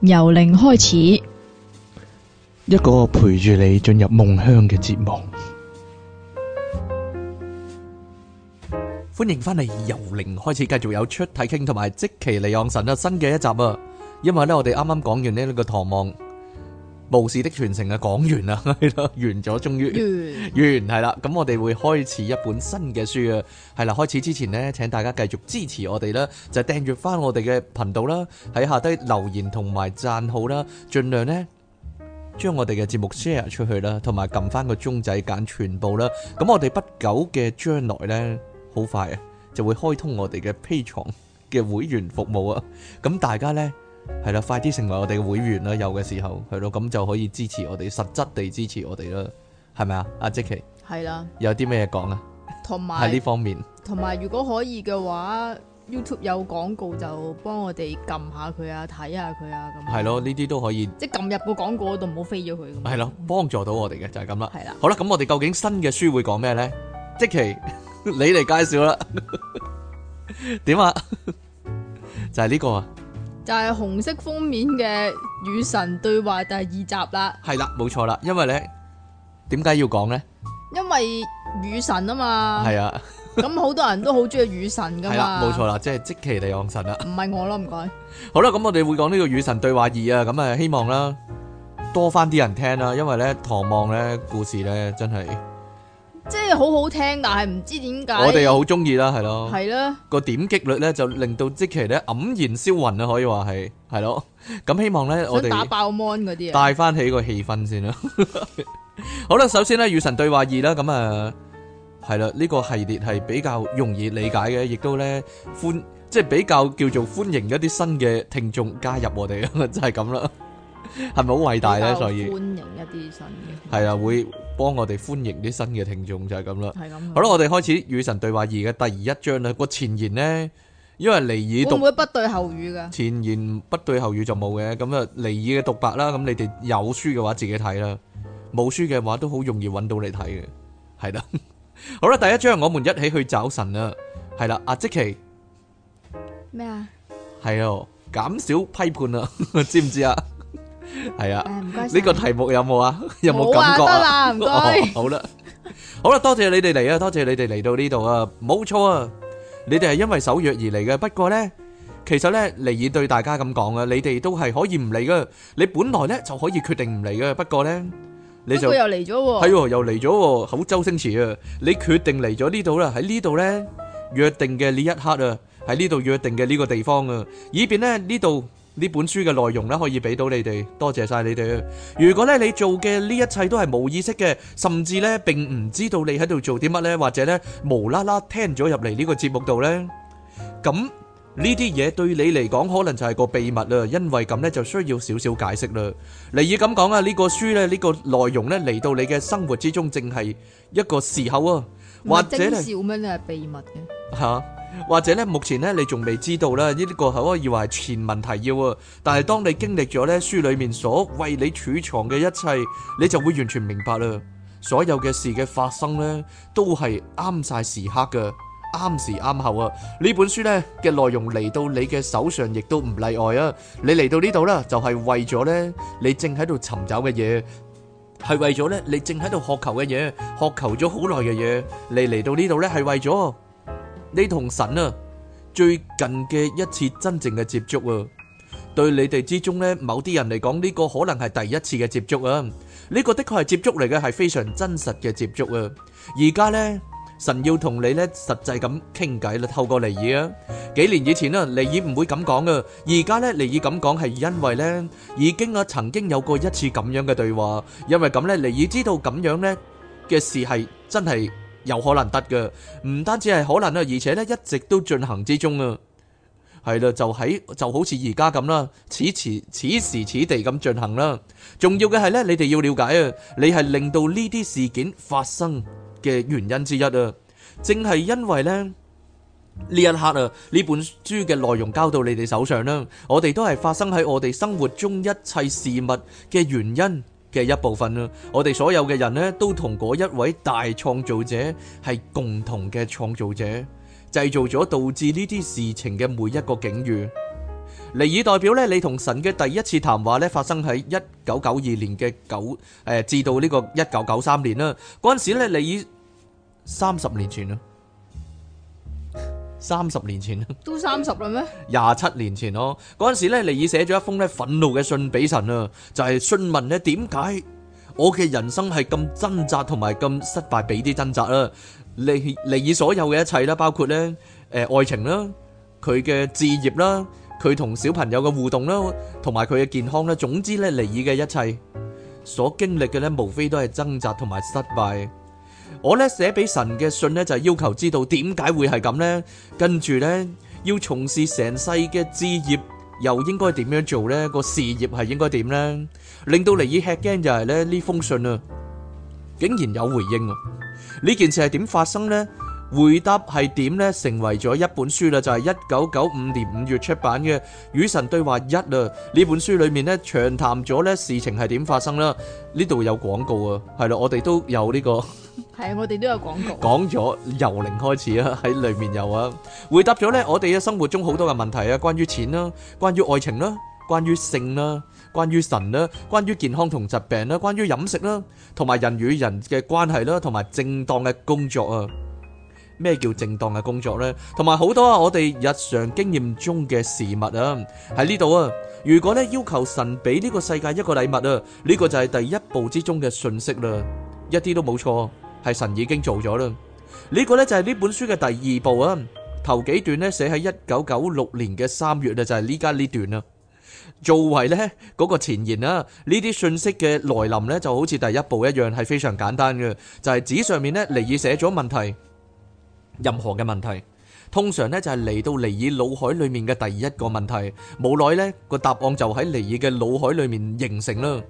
由零開始，一個陪住你進入夢鄉嘅節目，歡迎翻嚟由零開始，繼續有出體傾同埋即期嚟昂神啊！新嘅一集啊，因為咧我哋啱啱講完呢個唐望。《無事的傳承》啊，講完啦，完咗，終於完係啦。咁我哋會開始一本新嘅書啊，係啦。開始之前咧，請大家繼續支持我哋啦，就訂閱翻我哋嘅頻道啦，喺下低留言同埋讚好啦，盡量咧將我哋嘅節目 share 出去啦，同埋撳翻個鐘仔揀全部啦。咁我哋不久嘅將來咧，好快啊，就會開通我哋嘅 Patreon 嘅會員服務啊。咁大家咧。係啦，快啲成為我哋嘅會員啦！有嘅時候係咯，咁就可以支持我哋，實質地支持我哋啦，係咪啊？阿積奇，係啦，有啲咩嘢講啊？同埋喺呢方面，同埋如果可以嘅話，YouTube 有廣告就幫我哋撳下佢啊，睇下佢啊，咁係咯，呢啲都可以，即係撳入個廣告嗰度，唔好飛咗佢咁。係咯，幫助到我哋嘅就係咁啦。係啦的，好啦，咁我哋究竟新嘅書會講咩咧？積奇，你嚟介紹啦？點 啊？就係呢個啊？就係紅色封面嘅《與神對話》第二集啦。係啦，冇錯啦，因為咧，點解要講咧？因為與神啊嘛。係啊，咁好多人都好中意與神噶嘛。係啦，冇錯啦，即係即其地昂神啦。唔係我咯，唔該。好啦，咁我哋會講呢個《與神對話二》啊，咁啊，希望啦多翻啲人聽啦，因為咧，唐望咧，故事咧，真係。即係好好聽，但係唔知點解我哋又好中意啦，係咯，係啦的個點擊率咧就令到即期咧黯然銷魂啊，可以話係係咯，咁希望咧我哋打爆 mon 嗰啲帶翻起個氣氛先啦。 好啦，首先咧與神對話二啦、嗯，咁啊係啦，呢、這個系列係比較容易理解嘅，亦都咧歡即係、就是、比較叫做歡迎一啲新嘅聽眾加入我哋，啊。 就係咁啦。係咪好偉大咧？所以歡迎一啲新嘅係啊，會幫我哋歡迎啲新嘅聽眾就係咁啦。係咁好啦，我哋開始與神對話二嘅第一章啦。個前言呢，因為尼爾讀會唔會不對後語噶？前言不對後語就冇嘅。咁啊，尼爾嘅獨白啦。咁你哋有書嘅話自己睇啦，冇書嘅話都好容易揾到你睇嘅。係啦， 好啦，第一章我們一起去找神啦。係啦，阿即奇，咩啊麼？係啊，減少批判啦， 知唔知啊？ 係啊，呢個題目有冇啊？有冇、啊、感覺啊？好啦，哦，好啦，多謝你哋嚟。啊，多謝你哋嚟到呢度啊，冇錯啊，你哋係因為守約而嚟嘅。不過呢，其實呢，尼爾對大家咁講啊，你哋都係可以唔嚟噶你本來呢就可以決定唔嚟嘅，不過呢，你就又嚟咗，啊，係、啊、又嚟咗，啊，好周星馳啊！你決定嚟咗呢度啦，喺呢度呢，約定嘅呢一刻啊，喺呢度約定嘅呢個地方啊，以便呢，呢度。呢本書嘅內容咧，可以俾到你哋，多謝晒你哋。如果咧你做嘅呢一切都係冇意識嘅，甚至咧並唔知道你喺度做啲乜咧，或者咧無啦啦聽咗入嚟呢個節目度咧，咁呢啲嘢對你嚟講可能就係個秘密啦，因為咁咧就需要少少解釋啦。例如咁講啊，呢、呢個書咧呢、呢個內容咧嚟到你嘅生活之中，正係一個時候啊，或者咧。咩嘢係秘密嘅？嚇、啊！或者咧，目前咧你仲未知道咧呢啲個係可以話，係前文提要啊，但係當你經歷咗咧書裏面所為你儲藏嘅一切，你就會完全明白啦。所有嘅事嘅發生咧，都係啱晒時刻㗎，啱時啱後啊。呢本書咧嘅內容嚟到你嘅手上，亦都唔例外啊。你嚟到呢度啦，就係為咗咧，你正喺度尋找嘅嘢，係為咗咧你正喺度渴求嘅嘢，渴求咗好耐嘅嘢。你嚟到呢度咧，係為咗。你同神啊最近嘅一次真正嘅接觸啊，對你哋之中咧，某啲人嚟講，呢個可能係第一次嘅接觸啊，呢個的確係接觸嚟嘅，係非常真實嘅接觸啊。而家咧，神要同你咧實際咁傾偈啦，透過尼爾啊。幾年以前啊，尼爾唔會咁講噶，而家咧尼爾咁講係因為咧已經啊曾經有過一次咁樣嘅對話，因為咁咧尼爾知道咁樣咧嘅事係真係。有可能得嘅，唔單止係可能啊，而且咧一直都進行之中啊，係啦，就喺就好似而家咁啦，此時此時此地咁進行啦。重要嘅係呢，你哋要了解啊，你係令到呢啲事件發生嘅原因之一啊，正係因為呢，呢一刻啊呢本書嘅內容交到你哋手上啦，我哋都係發生喺我哋生活中一切事物嘅原因。嘅一部分啦，我哋所有嘅人呢，都同嗰一位大創造者係共同嘅創造者，製造咗導致呢啲事情嘅每一個境遇。尼爾代表呢，你同神嘅第一次談話呢，發生喺一九九二、呃、年嘅九誒，至到呢個一九九三年啦，嗰陣時呢，尼爾三十年前啦。三十年前啊，都三十啦咩？廿七年前咯，嗰陣時咧，尼爾寫咗一封咧憤怒嘅信俾神啊，就係詢問咧點解我嘅人生係咁掙扎同埋咁失敗俾啲掙扎啦，尼尼爾所有嘅一切啦，包括咧誒愛情啦，佢嘅置業啦，佢同小朋友嘅互動啦，同埋佢嘅健康咧，總之咧尼爾嘅一切所經歷嘅咧，無非都係掙扎同埋失敗。我咧，寫俾神嘅信咧，就要求知道點解會係咁呢。跟住呢，要從事成世嘅事業，又應該點樣做呢？個事業係應該點呢？令到尼爾吃驚就係咧，呢封信啊，竟然有回應啊！呢件事係點發生呢？回答係點咧？成為咗一本書啦，就係一九九五年五月出版嘅《與神對話一》啊！呢本書裏面咧，長談咗咧事情係點發生啦。呢度有廣告啊，係咯，我哋都有呢個。係啊，我哋都有廣告。講咗由零開始啊，喺裏面有啊。回答咗咧，我哋嘅生活中好多嘅問題啊，關於錢啦，關於愛情啦，關於性啦，關於神啦，關於健康同疾病啦，關於飲食啦，同埋人與人嘅關係啦，同埋正當嘅工作啊。咩叫正當嘅工作呢？同埋好多啊！我哋日常經驗中嘅事物啊，喺呢度啊。如果呢要求神俾呢個世界一個禮物啊，呢個就係第一部之中嘅訊息啦，一啲都冇錯，係神已經做咗啦。呢個呢就係呢本書嘅第二部啊。頭幾段呢寫喺一九九六年嘅三月呢，就係呢家呢段啦。作為呢嗰個前言啦，呢啲訊息嘅來臨呢就好似第一部一樣，係非常簡單嘅，就係紙上面呢尼爾寫咗問題。任何嘅問題，通常呢就係、是、嚟到尼爾腦海裡面嘅第一個問題，無奈呢個答案就喺尼爾嘅腦海裡面形成啦。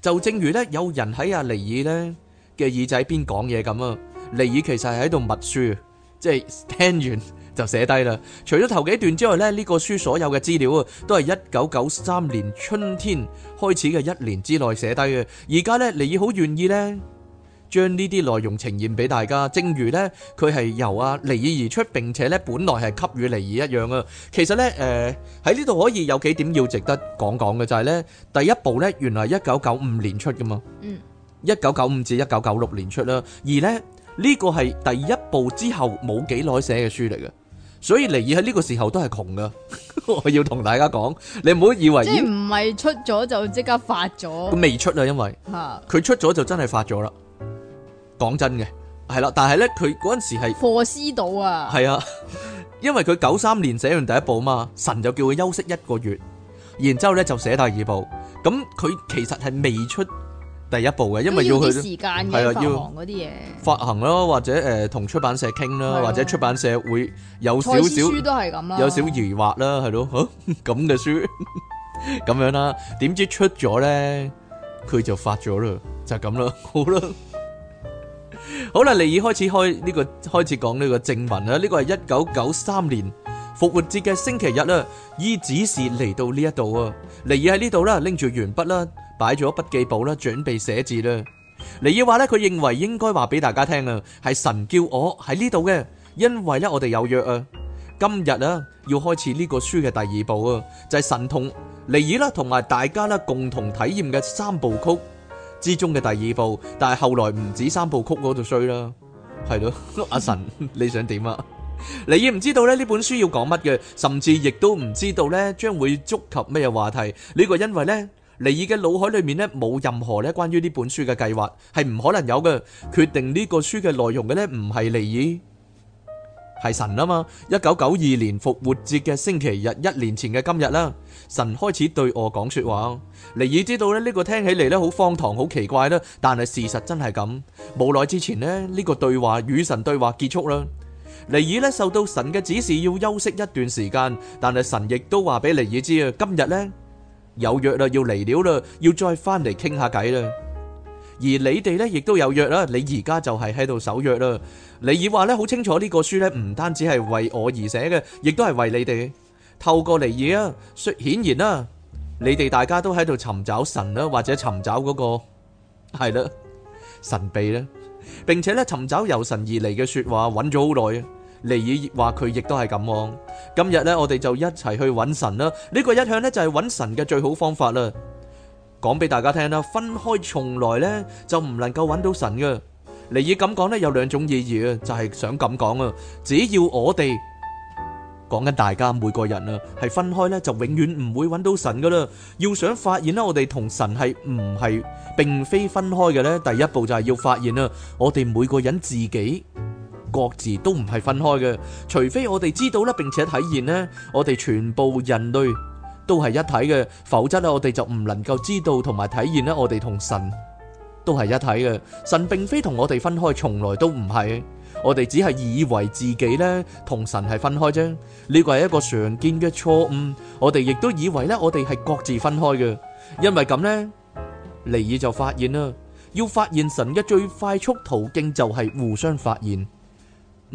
就正如呢，有人喺阿、啊、尼爾呢嘅耳仔邊講嘢咁啊，尼爾其實係喺度默書，即係聽完就寫低啦。除咗頭幾段之外呢，呢、這個書所有嘅資料啊，都係一九九三年春天開始嘅一年之內寫低嘅。而家呢，尼爾好願意呢。將呢啲內容呈現俾大家，正如咧佢係由啊尼爾而出，並且咧本來係給予尼爾一樣啊。其實咧，誒喺呢度可以有幾點要值得講講嘅，就係咧第一部咧，原來一九九五年出噶嘛，嗯，一九九五至一九九六年出啦。而咧呢個係第一部之後冇幾耐寫嘅書嚟嘅，所以尼爾喺呢個時候都係窮噶。我要同大家講，你唔好以為即係唔係出咗就即刻發咗，佢未出啊，因為吓佢出咗就真係發咗啦。講真嘅，係啦，但係咧，佢嗰陣時係破師島啊，係啊，因為佢九三年寫完第一部嘛，神就叫佢休息一個月，然之後咧就寫第二部。咁佢其實係未出第一部嘅，因為要去要時間嘅的發行嗰啲嘢，發行咯或者誒同、呃、出版社傾啦，的或者出版社會有少少書都係咁啦有少疑惑啦，係咯，咁、哦、嘅書咁 樣啦、啊。點知出咗咧，佢就發咗啦，就咁啦，好啦。好 好啦，尼爾開始開呢個開始講呢個正文啦。呢個係一九九三年復活節嘅星期日啦，伊只是嚟到呢一度啊。尼爾喺呢度啦，拎住鉛筆啦，擺咗筆記簿啦，準備寫字啦。尼爾話咧，佢認為應該話俾大家聽啊，係神叫我喺呢度嘅，因為咧我哋有約啊。今日啊，要開始呢個書嘅第二部啊，就係神同尼爾啦，同埋大家啦共同體驗嘅三部曲，之中嘅第二部，但係後來唔止三部曲嗰度衰啦，係咯， 阿神你想點啊？ 尼爾唔知道咧呢本書要講乜嘅，甚至亦都唔知道咧將會觸及咩嘢話題。呢個因為咧，尼爾嘅腦海裏面咧冇任何咧關於呢本書嘅計劃，係唔可能有嘅。決定呢個書嘅內容嘅咧，唔係尼爾。係神啊嘛！一九九二年復活節嘅星期日，一年前嘅今日啦，神開始對我講說話。尼爾知道咧，呢個聽起嚟咧好荒唐，好奇怪啦。但係事實真係咁。冇耐之前咧，呢個對話與神對話結束啦。尼爾咧受到神嘅指示要休息一段時間，但係神亦都話俾尼爾知啊，今日咧有約啦，要嚟了啦，要再翻嚟傾下偈啦。而你哋咧亦都有約啦，你而家就係喺度守約啦。尼爾話咧好清楚呢個書咧唔單止係為我而寫嘅，亦都係為你哋。透過尼爾啊，說顯然啦，你哋大家都喺度尋找神啦，或者尋找嗰、那個係啦神秘啦，並且咧尋找由神而嚟嘅說話，揾咗好耐啊。尼爾話佢亦都係咁。今日咧，我哋就一齊去揾神啦。呢、這個一向咧就係揾神嘅最好方法啦。講俾大家聽啦，分開從來咧就唔能夠揾到神嘅。你以咁講呢，有兩種意義啊，就係想咁講啊。只要我哋講緊大家每個人啊，係分開呢，就永遠唔會揾到神噶啦。要想發現呢，我哋同神係唔係並非分開嘅呢，第一步就係要發現啊。我哋每個人自己各自都唔係分開嘅，除非我哋知道呢，並且體現呢，我哋全部人類都係一體嘅，否則呢，我哋就唔能夠知道同埋體現呢，我哋同神都係一體嘅，神並非同我哋分開，從來都唔係，我哋只係以為自己呢同神係分開啫，呢個係一個常見嘅錯誤，我哋亦都以為呢我哋係各自分開嘅，因為咁呢，尼爾就發現啦，要發現神嘅最快速途徑就係互相發現，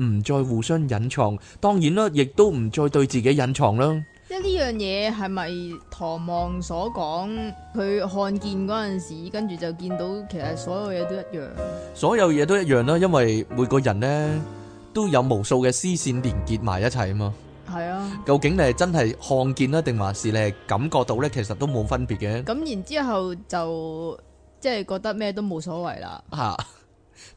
唔再互相隱藏，當然啦，亦都唔再對自己隱藏啦。呢樣嘢係咪唐望所講？佢看見嗰陣時，跟住就見到其實所有嘢都一樣。所有嘢都一樣啦，因為每個人咧都有無數嘅絲線連結埋一齊啊嘛。係啊。究竟你係真係看見啦，定還是你係感覺到咧？其實都冇分別嘅。咁然之後就即係覺得咩都冇所謂啦。吓，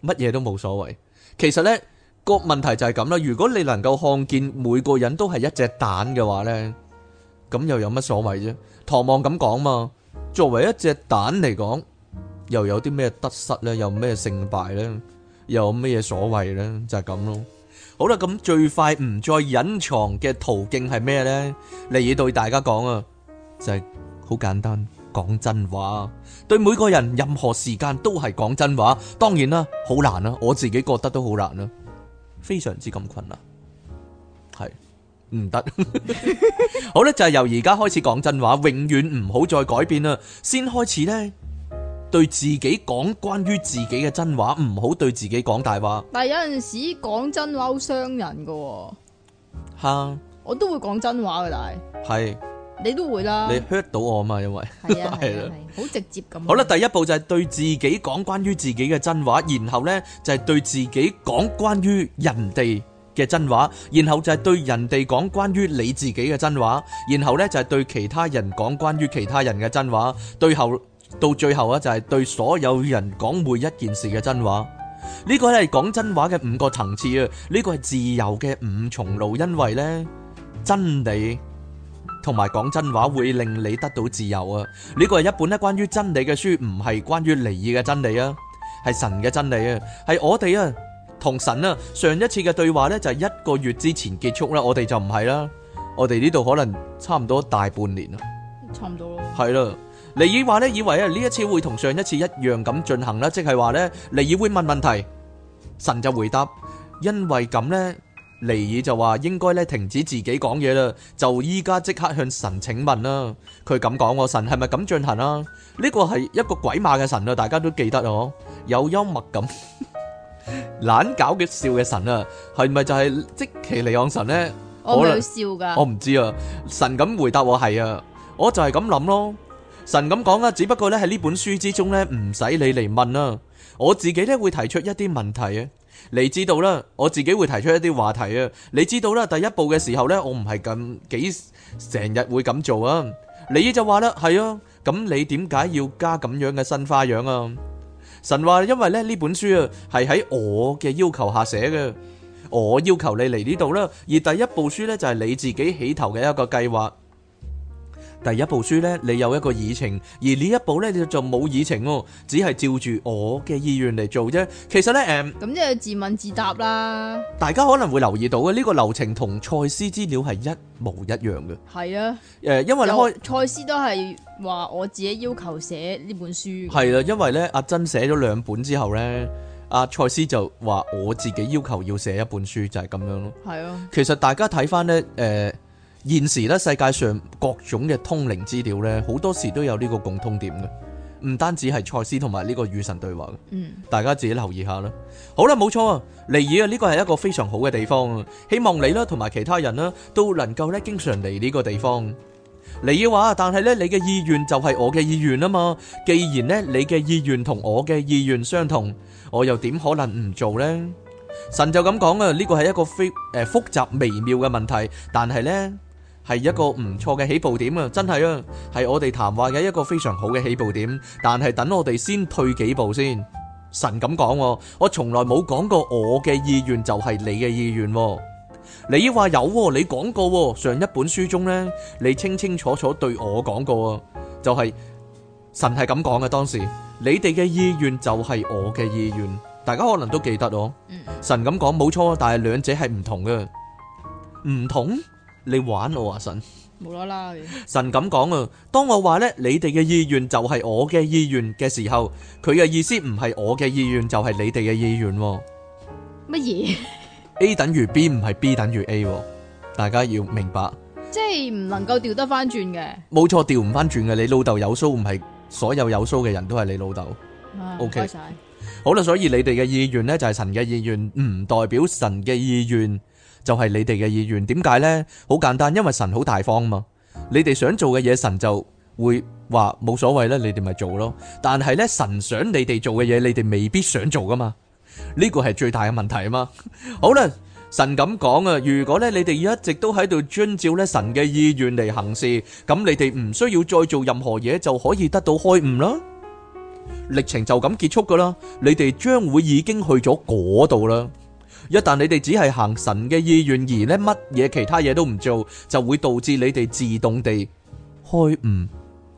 乜嘢都冇所謂。其實呢個問題就係咁啦。如果你能夠看見每個人都係一隻蛋嘅話咧。咁又有乜所謂啫？唐望咁講嘛，作為一隻蛋嚟講，又有啲咩得失咧？又咩勝敗咧？又有乜嘢所謂咧？就係咁咯。好啦，咁最快唔再隱藏嘅途徑係咩咧？你要對大家講啊，就係好簡單，講真話。對每個人，任何時間都係講真話。當然啦，好難啦，我自己覺得都好難啦，非常之咁困難。唔得，不 好咧，就係、是、由而家開始講真話，永遠唔好再改變啦。先開始呢，對自己講關於自己嘅真話，唔好對自己講大話。但係有陣時講真話好傷人噶、哦，吓哈，我都會講真話噶，但係係，是你都會啦，你 hurt 到我嘛，因為係啦、啊，啊啊啊、 好直接咁。好啦，第一步就係對自己講關於自己嘅真話，然後呢，就係、是、對自己講關於人哋嘅真話，然後就係對人哋講關於你自己嘅真話，然後呢就係對其他人講關於其他人嘅真話，最後到最後啊就係對所有人講每一件事嘅真話。呢、這個係講真話嘅五個層次啊，呢、這個係自由嘅五重路，因為呢，真理同埋講真話會令你得到自由啊。呢、這個係一本咧關於真理嘅書，唔係關於利益嘅真理啊，係神嘅真理啊，係我哋啊。同神啊，上一次嘅對話呢，就係一個月之前結束啦，我哋就唔係啦，我哋呢度可能差唔多大半年啦，差唔多咯，係啦，尼爾話呢，以為啊呢一次會同上一次一樣咁進行啦，即係話呢，尼爾會問問題，神就回答，因為咁呢，尼爾就話應該呢停止自己講嘢啦，就依家即刻向神請問啦，佢咁講，神係咪咁進行啦、啊？呢個係一個鬼馬嘅神啊，大家都記得哦，有幽默感。 懶搞嘅笑嘅神啊，係咪就係即其利昂神呢？我唔笑噶我唔知啊。神咁回答，我係啊，我就係咁諗咯。神咁講啊，只不過呢喺呢本書之中呢，唔使你嚟問啊。我自己呢會提出一啲問題啊，你知道啦。我自己會提出一啲話題啊，你知道啦。第一步嘅時候呢，我唔係咁幾成日會咁做啊。你就話啦，係啊。咁你點解要加咁樣嘅新花樣啊？神話，因為咧呢本書啊，係喺我嘅要求下寫嘅，我要求你嚟呢度啦，而第一部書咧就係你自己起頭嘅一個計劃。第一部書呢，你有一個議程；而呢一部呢，你就冇議程哦，只係照住我嘅意願嚟做啫。其實呢，誒、嗯，咁即係自問自答啦。大家可能會留意到嘅呢、這個流程同賽斯資料係一模一樣嘅。係啊，誒，因為開賽斯都係話我自己要求寫呢本書。係啦、啊，因為呢，阿珍寫咗兩本之後呢，阿賽斯就話我自己要求要寫一本書，就係、是、咁樣咯。係啊，其實大家睇翻呢。誒、呃。現時咧，世界上各種嘅通靈資料咧，好多時都有呢個共通點嘅，唔單止係賽斯同埋呢個與神對話嘅。嗯，大家自己留意下啦。好啦，冇錯啊，尼爾啊，呢個係一個非常好嘅地方，希望你啦同埋其他人啦都能夠咧經常嚟呢個地方。尼爾話，但係咧，你嘅意願就係我嘅意願啊嘛。既然咧你嘅意願同我嘅意願相同，我又點可能唔做呢？神就咁講啊，呢個係一個非誒、呃、複雜微妙嘅問題，但係呢。係一個唔錯嘅起步點啊，真係啊，係我哋談話嘅一個非常好嘅起步點。但係等我哋先退幾步先，神咁講，我從來冇講過我嘅意願就係你嘅意願。你話有，你講過，上一本書中呢，你清清楚楚對我講過，就係神係咁講嘅。當時你哋嘅意願就係我嘅意願，大家可能都記得咯。神咁講冇錯，但係兩者係唔同嘅，唔同。你玩我啊！神冇啦啦，神咁講啊！當我話呢，你哋嘅意願就係我嘅意願嘅時候，佢嘅意思唔係我嘅意願就係你哋嘅意願。乜嘢？A 等於 B 唔係 B 等於 A，大家要明白。即係唔能夠調得翻轉嘅。冇錯，調唔翻轉嘅。你老豆有鬚唔係所有有鬚嘅人都係你老豆。OK，好啦，所以你哋嘅意願呢就係神嘅意願，唔代表神嘅意願。就係你哋嘅意願，點解咧？好簡單，因為神好大方嘛。你哋想做嘅嘢，神就會話冇所謂咧，你哋咪做咯。但係咧，神想你哋做嘅嘢，你哋未必想做噶嘛。呢個係最大嘅問題啊嘛。好啦，神咁講啊，如果咧你哋一直都喺度遵照咧神嘅意願嚟行事，咁你哋唔需要再做任何嘢就可以得到開悟啦。歷程就咁結束噶啦，你哋將會已經去咗嗰度啦。一旦你哋只係行神嘅意願而咧，乜嘢其他嘢都唔做，就會導致你哋自動地開悟。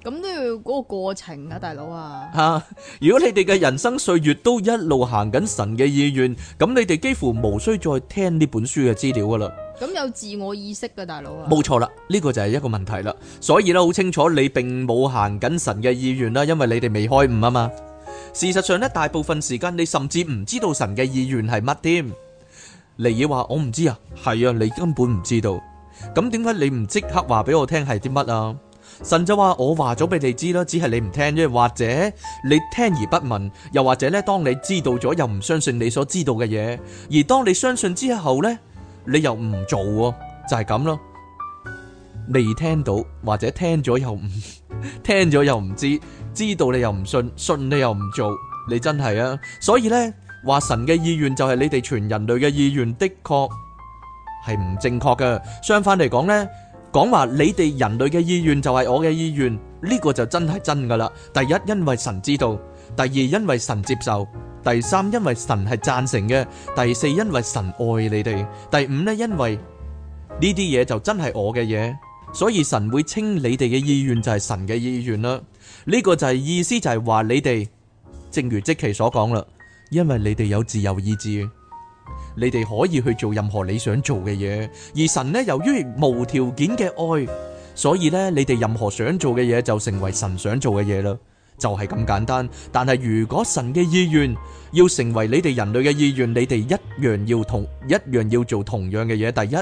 咁都要嗰個過程啊，大佬啊！啊，如果你哋嘅人生歲月都一路行緊神嘅意願，咁你哋幾乎無需再聽呢本書嘅資料噶啦。咁有自我意識噶，大佬啊！冇錯啦，呢個就係一個問題啦。所以咧，好清楚你並冇行緊神嘅意願啦，因為你哋未開悟啊嘛。事實上咧，大部分時間你甚至唔知道神嘅意願係乜添。你話我唔知啊，係啊，你根本唔知道，咁點解你唔即刻話俾我聽係啲乜啊？神就話我話咗俾你知啦，只係你唔聽啫，或者你聽而不聞，又或者咧，當你知道咗又唔相信你所知道嘅嘢，而當你相信之後呢，你又唔做喎，啊，就係咁咯。未聽到或者聽咗又唔 聽咗又唔知，知道你又唔信，信你又唔做，你真係啊，所以呢。話神嘅意願就係你哋全人類嘅意願，的確係唔正確嘅。相反嚟講呢，講話你哋人類嘅意願就係我嘅意願，呢、這個就真係真噶啦。第一，因為神知道；第二，因為神接受；第三，因為神係贊成嘅；第四，因為神愛你哋；第五呢，因為呢啲嘢就真係我嘅嘢，所以神會稱你哋嘅意願就係神嘅意願啦。呢、這個就係、是、意思就，就係話你哋正如積奇所講啦。因為你哋有自由意志，你哋可以去做任何你想做嘅嘢。而神咧，由於無條件嘅愛，所以咧，你哋任何想做嘅嘢就成為神想做嘅嘢啦。就係咁簡單。但係如果神嘅意願要成為你哋人類嘅意願，你哋一樣要同一樣要做同樣嘅嘢。第一，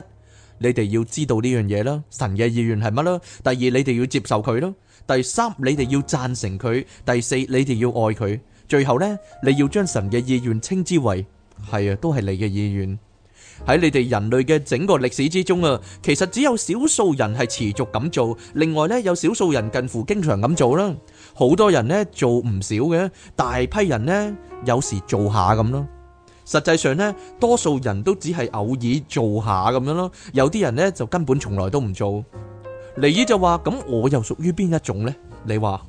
你哋要知道呢樣嘢啦，神嘅意願係乜啦。第二，你哋要接受佢啦。第三，你哋要贊成佢。第四，你哋要愛佢。最後呢，你要將神嘅意願稱之為，係啊，都係你嘅意願。喺你哋人類嘅整個歷史之中啊，其實只有少數人係持續咁做，另外呢，有少數人近乎經常咁做啦。好多人呢做唔少嘅，大批人呢有時做下咁咯。實際上呢，多數人都只係偶爾做下咁樣咯。有啲人呢就根本從來都唔做。尼爾就話：咁我又屬於邊一種呢？你話？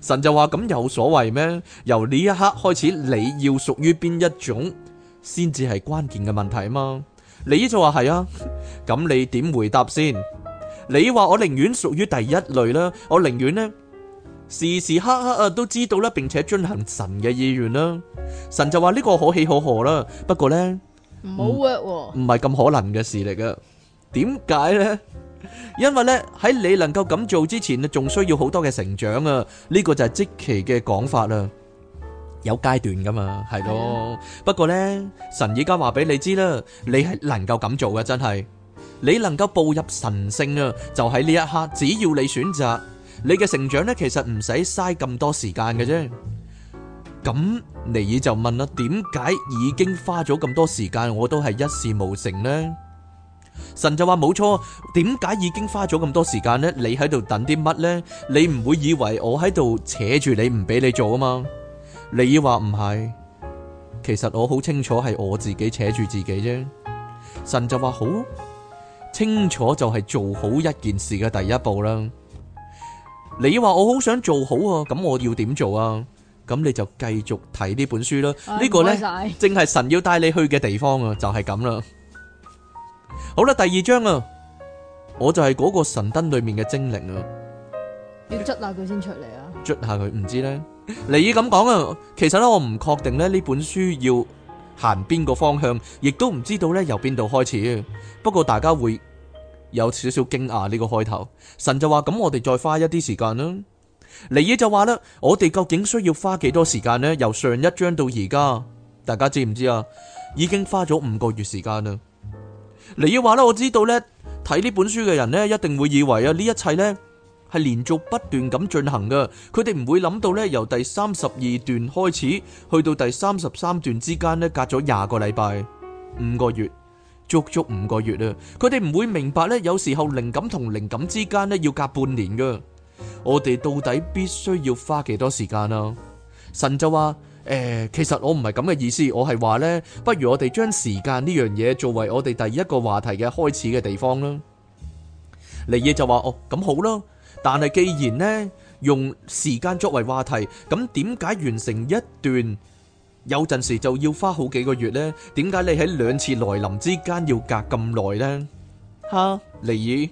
神就話，咁有所謂咩？由呢一刻開始，你要屬於邊一種，先至係關鍵嘅問題嘛？你呢就話係啊，咁 你點回答先？你話我寧願屬於第一類啦，我寧願呢時時刻刻啊都知道啦，並且遵行神嘅意願啦。神就話呢個可喜可賀啦，不過呢，唔好 work 唔係咁可能嘅事嚟㗎。點解呢？因為咧，喺你能夠咁做之前，仲需要好多嘅成長啊！呢個就係積期嘅講法啦，有階段噶嘛，係咯。 不過呢，神依家話俾你知啦，你能夠咁做嘅真係，你能夠步入神聖啊！就喺呢一刻，只要你選擇，你嘅成長呢，其實唔使嘥咁多時間嘅啫。咁尼爾就問啦，點解已經花咗咁多時間，我都係一事無成呢？神就話冇錯，點解已經花咗咁多時間呢？你喺度等啲乜呢？你唔會以為我喺度扯住你唔俾你做啊嘛？你話唔係？其實我好清楚係我自己扯住自己啫。神就話，好清楚就係做好一件事嘅第一步啦。你話，我好想做好啊，咁我要點做啊？咁你就繼續睇呢本書啦。呢、哎、個呢，正係神要帶你去嘅地方啊，就係咁啦。好啦，第二章啊，我就係嗰個神燈裏面嘅精靈啊，要捽下佢先出嚟啊，捽下佢唔知咧。尼爾咁講啊，其實咧我唔確定咧呢本書要行邊個方向，亦都唔知道咧由邊度開始。不過大家會有少少驚訝呢個開頭。神就話咁，我哋再花一啲時間啦。尼爾就話啦，我哋究竟需要花幾多時間呢？由上一章到而家，大家知唔知啊？已經花咗五個月時間啦。你要話咧，我知道咧，睇呢本書嘅人咧，一定會以為啊，呢一切咧係連續不斷咁進行噶。佢哋唔會諗到咧，由第三十二段開始去到第三十三段之間咧，隔咗廿個禮拜、五個月，足足五個月啊！佢哋唔會明白咧，有時候靈感同靈感之間咧要隔半年噶。我哋到底必須要花幾多時間啊？神就話。誒，其實我唔係咁嘅意思，我係話呢，不如我哋將時間呢樣嘢作為我哋第一個話題嘅開始嘅地方啦。尼爾就話哦，咁好咯。但係既然呢用時間作為話題，咁點解完成一段有陣時就要花好幾個月呢？點解你喺兩次來臨之間要隔咁耐呢？哈，尼爾，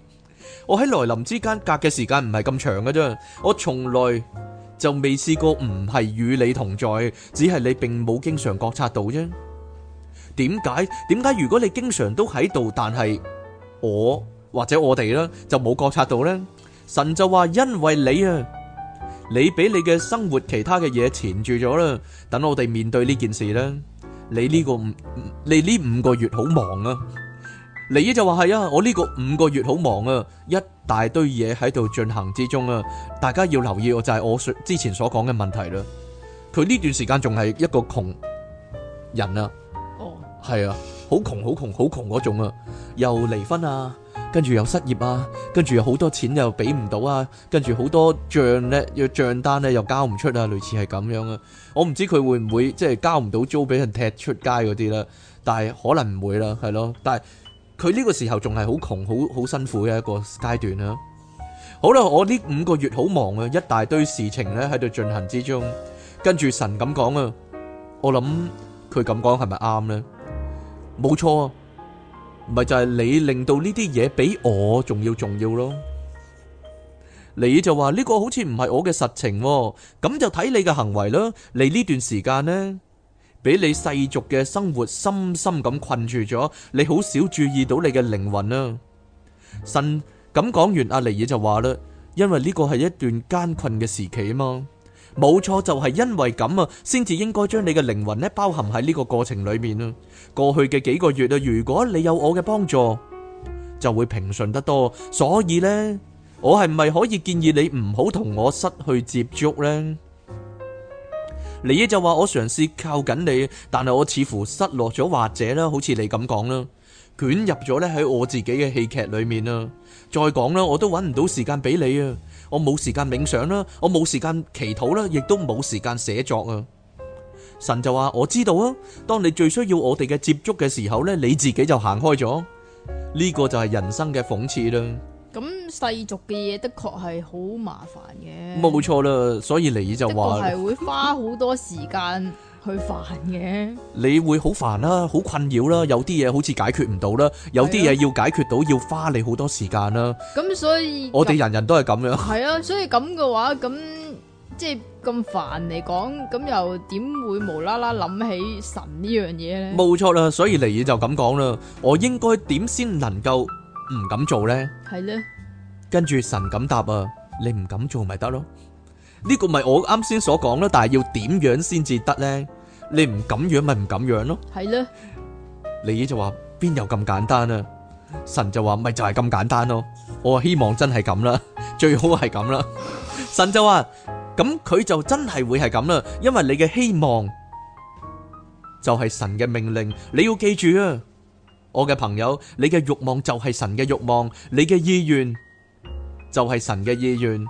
我喺來臨之間隔嘅時間唔係咁長㗎啫，我從來就未試過唔係與你同在，只係你並冇經常覺察到啫。點解？點解？如果你經常都喺度，但係我或者我哋啦，就冇覺察到呢？神就話：因為你啊，你俾你嘅生活其他嘅嘢纏住咗啦，等我哋面對呢件事呢，你呢個，你呢五個月好忙啊。李姨就話係啊，我呢個五個月好忙啊，一大堆嘢喺度進行之中啊，大家要留意，我就係我之前所講嘅問題啦。佢呢段時間仲係一個窮人啊，哦，係啊，好窮好窮好窮嗰種啊，又離婚啊，跟住又失業啊，跟住又好多錢又俾唔到啊，跟住好多賬咧，要賬單咧又交唔出啊，類似係咁樣啊。我唔知佢會唔會即係、就是、交唔到租俾人踢出街嗰啲啦，但係可能唔會啦，係咯、啊，但係。佢呢個時候仲係好窮，好好辛苦嘅一個階段啦。好啦，我呢五個月好忙啊，一大堆事情咧喺度進行之中。跟住神咁講啊，我諗佢咁講係咪啱呢？冇錯，咪就係你令到呢啲嘢比我仲要重要咯。你就話呢個好似唔係我嘅實情，咁就睇你嘅行為啦。你呢段時間呢？俾你世俗嘅生活深深咁困住咗，你好少注意到你嘅靈魂啊！神咁講完阿尼爾就話啦，因為呢個係一段艱困嘅時期啊嘛，冇錯就係因為咁啊，先至應該將你嘅靈魂咧包含喺呢個過程裏面啊！過去嘅幾個月啊，如果你有我嘅幫助，就會平順得多。所以呢，我係咪可以建議你唔好同我失去接觸呢？」你就話我嘗試靠緊你，但係我似乎失落咗，或者啦，好似你咁講啦，捲入咗咧喺我自己嘅戲劇裏面啊。再講啦，我都揾唔到時間俾你啊，我冇時間冥想啦，我冇時間祈禱啦，亦都冇時間寫作啊。神就話，我知道啊，當你最需要我哋嘅接觸嘅時候咧，你自己就行開咗，呢個就係人生嘅諷刺啦。咁世俗嘅嘢的確係好麻煩嘅，冇錯啦。所以尼爾就話，的確係會花好多時間去煩嘅。你會好煩啦，好困擾啦、啊，有啲嘢好似解決唔到啦，有啲嘢要解決到要花你好多時間啦、啊。咁、嗯、所以我哋人人都係咁樣、嗯。係啊，所以咁嘅話，咁即係咁煩嚟講，咁又點會無啦啦諗起神呢樣嘢咧？冇錯啦，所以尼爾就咁講啦。我應該點先能夠？唔敢做咧，係咧，跟住神咁答啊，你唔敢做咪得咯？呢個咪我啱先所講啦，但係要點樣先至得咧？你唔咁樣咪唔咁樣咯？係咧，你就話邊有咁簡單啊？神就話咪就係咁簡單咯。我希望真係咁啦，最好係咁啦。神就話咁佢就真係會係咁啦，因為你嘅希望就係神嘅命令，你要記住啊。我嘅朋友，你嘅欲望就係神嘅欲望，你嘅意願就係神嘅意願。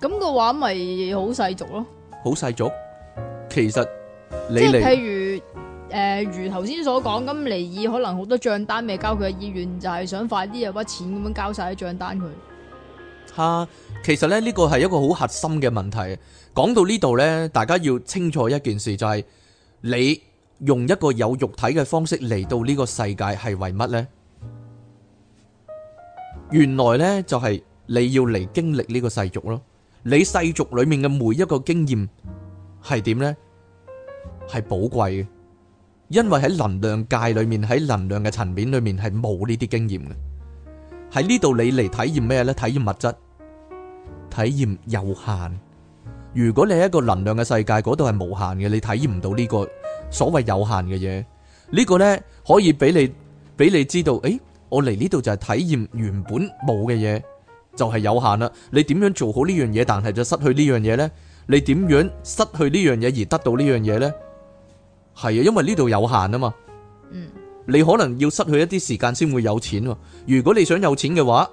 咁嘅話咪好世俗咯，好世俗。其實你即係譬如誒，如頭先所講，咁尼爾可能好多賬單未交，佢嘅意願就係想快啲有筆錢咁樣交晒啲賬單佢。吓，其實咧呢個係一個好核心嘅問題。講到呢度咧，大家要清楚一件事，就係你。用一個有肉體嘅方式嚟到呢個世界係為乜呢？原來呢就係你要嚟經歷呢個世俗咯。你世俗裏面嘅每一個經驗係點呢？係寶貴嘅，因為喺能量界裏面，喺能量嘅層面裏面係冇呢啲經驗嘅。喺呢度你嚟體驗咩呢？體驗物質，體驗有限。如果你係一個能量嘅世界，嗰度係無限嘅，你體驗唔到呢個。所謂有限嘅嘢，呢個呢可以俾你俾你知道，誒，我嚟呢度就係體驗原本冇嘅嘢，就係有限啦。你點樣做好呢樣嘢？但係就失去呢樣嘢呢？你點樣失去呢樣嘢而得到呢樣嘢呢？係啊，因為呢度有限啊嘛。嗯，你可能要失去一啲時間先會有錢喎。如果你想有錢嘅話，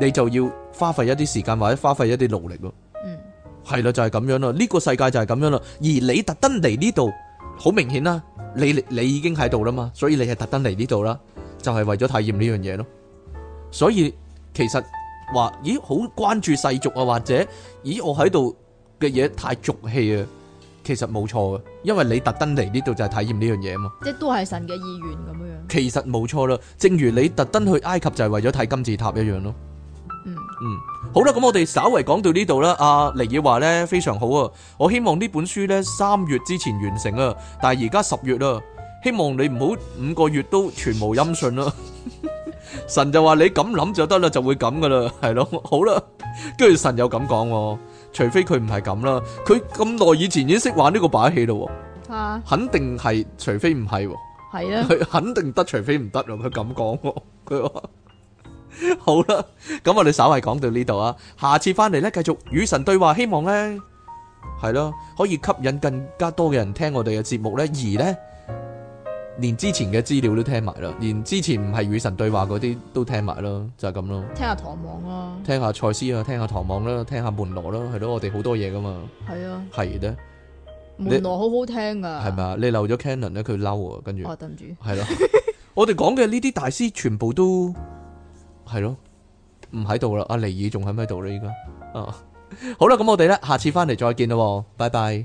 你就要花費一啲時間或者花費一啲努力咯。嗯，係啦，就係咁樣啦。呢個世界就係咁樣啦。而你特登嚟呢度。好明顯啦，你你已經喺度啦嘛，所以你係特登嚟呢度啦，就係為咗體驗呢樣嘢咯。所以其實話，咦，好關注世俗啊，或者咦，我喺度嘅嘢太俗氣啊，其實冇錯嘅，因為你特登嚟呢度就係體驗呢樣嘢嘛，即係都係神嘅意願咁樣樣。其實冇錯啦，正如你特登去埃及就係為咗睇金字塔一樣咯。嗯。好啦，咁我哋稍微講到呢度啦。阿尼爾話咧非常好啊，我希望呢本書咧三月之前完成啊，但係而家十月啦，希望你唔好五個月都全無音訊啦。神就話你咁諗就得啦，就會咁噶啦，係咯。好啦，跟住神又咁講，除非佢唔係咁啦，佢咁耐以前已經識玩呢個把戲啦。啊，肯定係，除非唔係，係啦，佢肯定得，除非唔得咯。佢咁講，佢話。 好啦，咁我哋稍為講到呢度啊，下次翻嚟咧繼續與神對話，希望咧係咯，可以吸引更加多嘅人聽我哋嘅節目咧，而咧連之前嘅資料都聽埋啦，連之前唔係與神對話嗰啲都聽埋、就是、咯，就係咁咯。聽下唐望啊，聽下賽斯啊，聽下唐望啦，聽下門羅啦，係咯，我哋好多嘢噶嘛。係啊的，係咧的，門羅好好聽噶，係咪啊？你漏咗 Canon 咧，佢嬲啊，跟住，我住，係咯，我哋講嘅呢啲大師全部都。係咯，唔喺度啦，阿、啊、尼爾仲喺唔喺度咧？而家，啊，好啦，咁我哋咧，下次翻嚟再見啦喎，拜拜。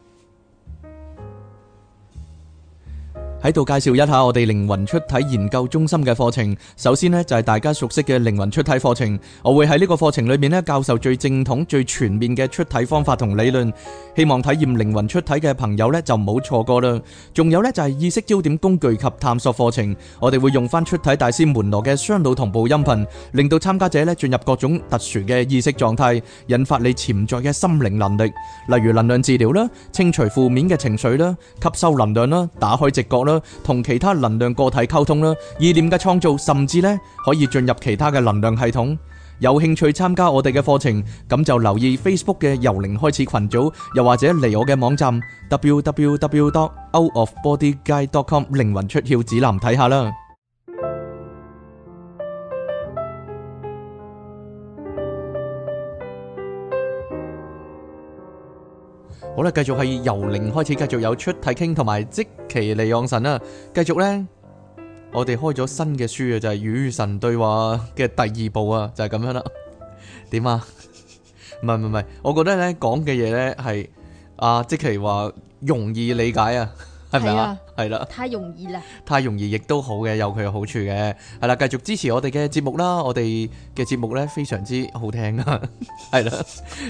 喺度介紹一下我哋靈魂出體研究中心嘅課程。首先呢就係大家熟悉嘅靈魂出體課程，我會喺呢個課程裏面呢教授最正統、最全面嘅出體方法同理論。希望體驗靈魂出體嘅朋友呢就唔好錯過啦。仲有呢就係意識焦點工具及探索課程，我哋會用翻出體大師門羅嘅雙腦同步音頻，令到參加者呢進入各種特殊嘅意識狀態，引發你潛在嘅心靈能力，例如能量治療啦、清除負面嘅情緒啦、吸收能量啦、打開直覺啦。同其他能量個體溝通啦，意念嘅創造，甚至呢，可以進入其他嘅能量系統。有興趣參加我哋嘅課程，咁就留意 Facebook 嘅由零開始群組，又或者嚟我嘅網站 www.outofbodyguide.com 靈魂出竅指南睇下啦。好啦，繼續係由零開始，繼續有出睇傾同埋即奇利養神啦、啊。繼續咧，我哋開咗新嘅書、就是、與啊，就係與神對話嘅第二部啊，就係咁樣啦。點啊？唔係唔係，我覺得咧講嘅嘢咧，係阿即奇話、啊、奇容易理解啊。係咪啊？係啦，太容易啦，太容易亦都好嘅，有佢嘅好處嘅。係啦，繼續支持我哋嘅節目啦，我哋嘅節目呢非常之好聽啊，係啦，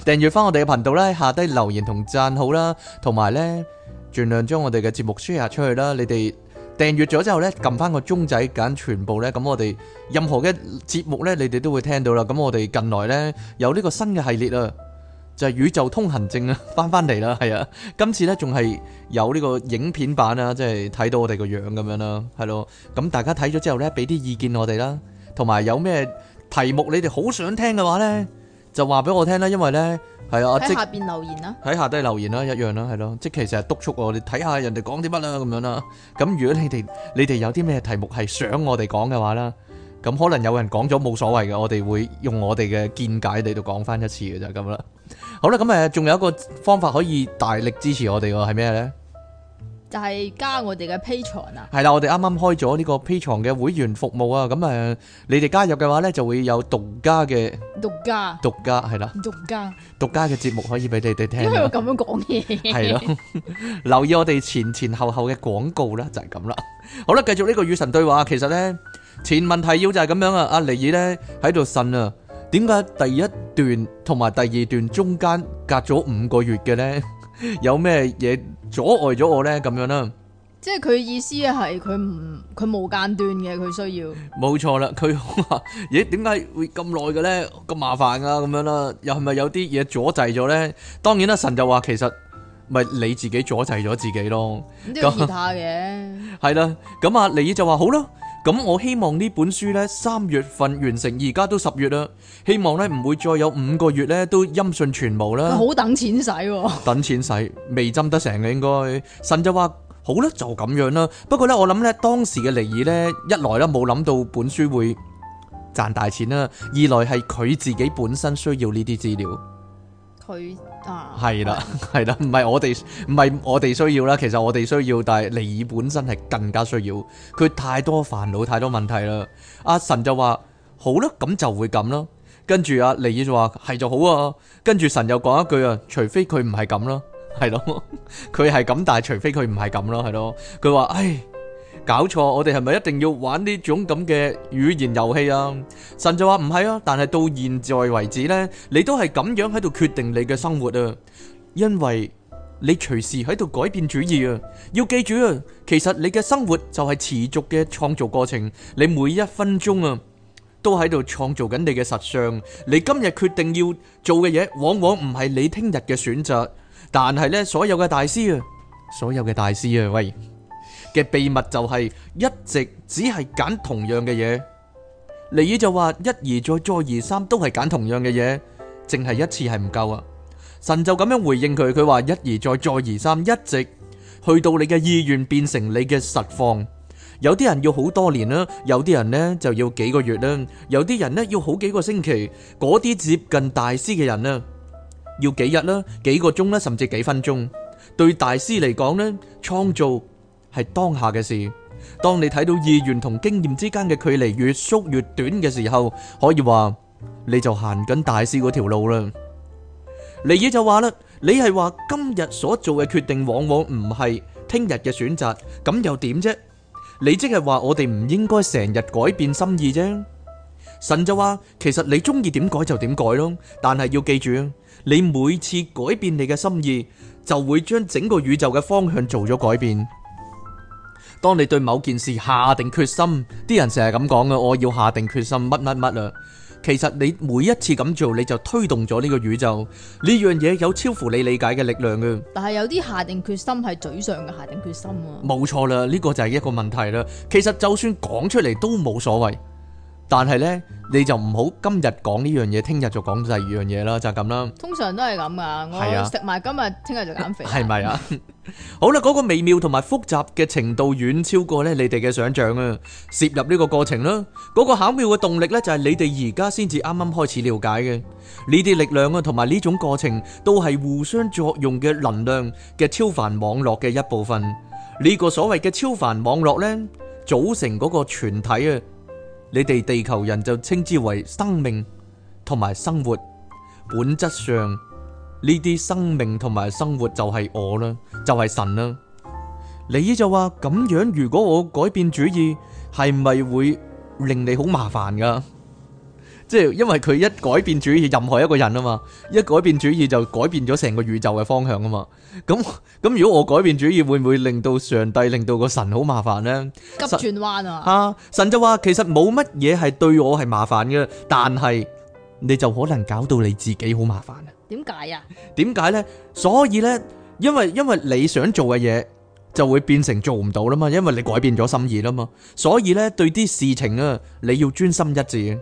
訂閱翻我哋嘅頻道啦，下低留言同讚好啦，同埋呢盡量將我哋嘅節目 share 出去啦。你哋訂閱咗之後呢，撳翻個鐘仔揀全部呢，咁我哋任何嘅節目呢，你哋都會聽到啦。咁我哋近來呢有呢個新嘅系列啦。就係宇宙通行證啊，翻翻嚟啦，係啊，今次咧仲係有呢個影片版啊，即係睇到我哋個樣咁樣啦，係咯，咁大家睇咗之後咧，俾啲意見我哋啦，同埋有咩題目你哋好想聽嘅話咧，就話俾我聽啦，因為咧，係啊，即係下邊留言啦、啊，喺下低留言啦，一樣啦，係咯、啊，即其實係督促我哋睇下人哋講啲乜啦，咁樣啦，咁如果你哋你哋有啲咩題目係想我哋講嘅話啦。咁可能有人講咗冇所謂嘅，我哋會用我哋嘅見解嚟到講翻一次嘅啫，咁、就、啦、係。好啦，咁誒，仲有一個方法可以大力支持我哋嘅係咩咧？呢就係加我哋嘅 Patreon 啊！係啦，我哋啱啱開咗呢個 Patreon 嘅會員服務啊，咁、嗯、誒，你哋加入嘅話咧，就會有獨家嘅獨家獨家係啦，獨家獨家嘅節目可以俾你哋聽。因 為我咁樣講嘢，係咯，留意我哋前前後後嘅廣告啦，就係咁啦。好啦，繼續呢個與神對話，其實咧。前文提要就係咁樣啊！阿尼爾咧喺度呻啊，點解第一段同埋第二段中間隔咗五個月嘅咧？有咩嘢阻礙咗我咧？咁樣啦，即係佢意思係佢唔佢冇間斷嘅，佢需要冇錯啦。佢話：咦，點解會咁耐嘅咧？咁麻煩啊咁樣啦，又係咪有啲嘢阻滯咗咧？當然啦，神就話其實咪你自己阻滯咗自己咯。咁都要試下嘅。係啦，咁阿尼爾就話好咯。咁我希望呢本書呢，三月份完成，而家都十月啦。希望呢唔會再有五個月呢都音訊全無啦、啊。好等錢使，等錢使，未斟得成嘅應該。神就話好啦，就咁樣啦。不過呢，我諗呢當時嘅尼爾呢，一來呢冇諗到本書會賺大錢啦，二來係佢自己本身需要呢啲資料。佢。係啦，係啦、啊，唔係我哋唔係我哋需要啦。其實我哋需要，但係尼爾本身係更加需要。佢太多煩惱，太多問題啦。阿神就話：好啦，咁就會咁咯。跟住阿尼爾就話：係就好啊。跟住神又講一句啊：除非佢唔係咁咯，係咯，佢係咁，但係除非佢唔係咁咯，係咯。佢話：唉。搞錯，我哋係咪一定要玩呢種咁嘅語言遊戲啊？神就話唔係啊，但係到現在為止呢，你都係咁樣喺度決定你嘅生活啊，因為你隨時喺度改變主意啊。要記住啊，其實你嘅生活就係持續嘅創造過程，你每一分鐘啊，都喺度創造緊你嘅實相。你今日決定要做嘅嘢，往往唔係你聽日嘅選擇，但係呢，所有嘅大師啊，所有嘅大師啊，喂。嘅秘密就係一直只係揀同樣嘅嘢，尼爾就話一而再再而三都係揀同樣嘅嘢，淨係一次係唔夠啊！神就咁樣回應佢，佢話一而再再而三，一直去到你嘅意願變成你嘅實況。有啲人要好多年啦，有啲人呢就要幾個月啦，有啲人呢要好幾個星期。嗰啲接近大師嘅人啦，要幾日啦，幾個鐘啦，甚至幾分鐘。對大師嚟講呢，創造。係當下嘅事。當你睇到意願同經驗之間嘅距離越縮越短嘅時候，可以話你就行緊大師嗰條路啦。尼爾就話啦，你係話今日所做嘅決定往往唔係聽日嘅選擇，咁又點啫？你即係話我哋唔應該成日改變心意啫。神就話，其實你中意點改就點改咯，但係要記住，你每次改變你嘅心意，就會將整個宇宙嘅方向做咗改變。當你對某件事下定決心，啲人成日咁講嘅：「我要下定決心乜乜乜啊！」其實你每一次咁做，你就推動咗呢個宇宙。呢樣嘢有超乎你理解嘅力量嘅，但係有啲下定決心係嘴上嘅下定決心啊！冇錯啦，呢個就係一個問題啦。其實就算講出嚟都冇所謂。但係咧,你就唔好今日講呢樣嘢，聽日就講第二樣嘢啦，就係咁啦。通常都係咁噶，我食埋今日，聽日就減肥，係咪啊？好啦，嗰個微妙同埋複雜嘅程度遠超過咧你哋嘅想象啊！涉入呢個過程啦，嗰個巧妙嘅動力咧就係你哋而家先至啱啱開始了解嘅呢啲力量啊，同埋呢種過程都係互相作用嘅能量嘅超凡網絡嘅一部分。呢個所謂嘅超凡網絡咧，組成嗰個全體啊！你哋地球人就稱之為生命同埋生活，本質上呢啲生命同埋生活就係我啦，就係神啦。你就話咁樣，如果我改變主意，係咪會令你好麻煩噶？即係因為佢一改變主意，任何一個人啊嘛，一改變主意就改變咗成個宇宙嘅方向啊嘛。咁、嗯、咁、嗯、如果我改變主意，會唔會令到上帝令到個神好麻煩呢？急轉彎啊！吓神，啊、神就話其實冇乜嘢係對我係麻煩嘅，但係你就可能搞到你自己好麻煩啊。點解啊？點解呢？所以呢，因為因為你想做嘅嘢就會變成做唔到啦嘛，因為你改變咗心意啦嘛，所以呢，對啲事情啊，你要專心一致。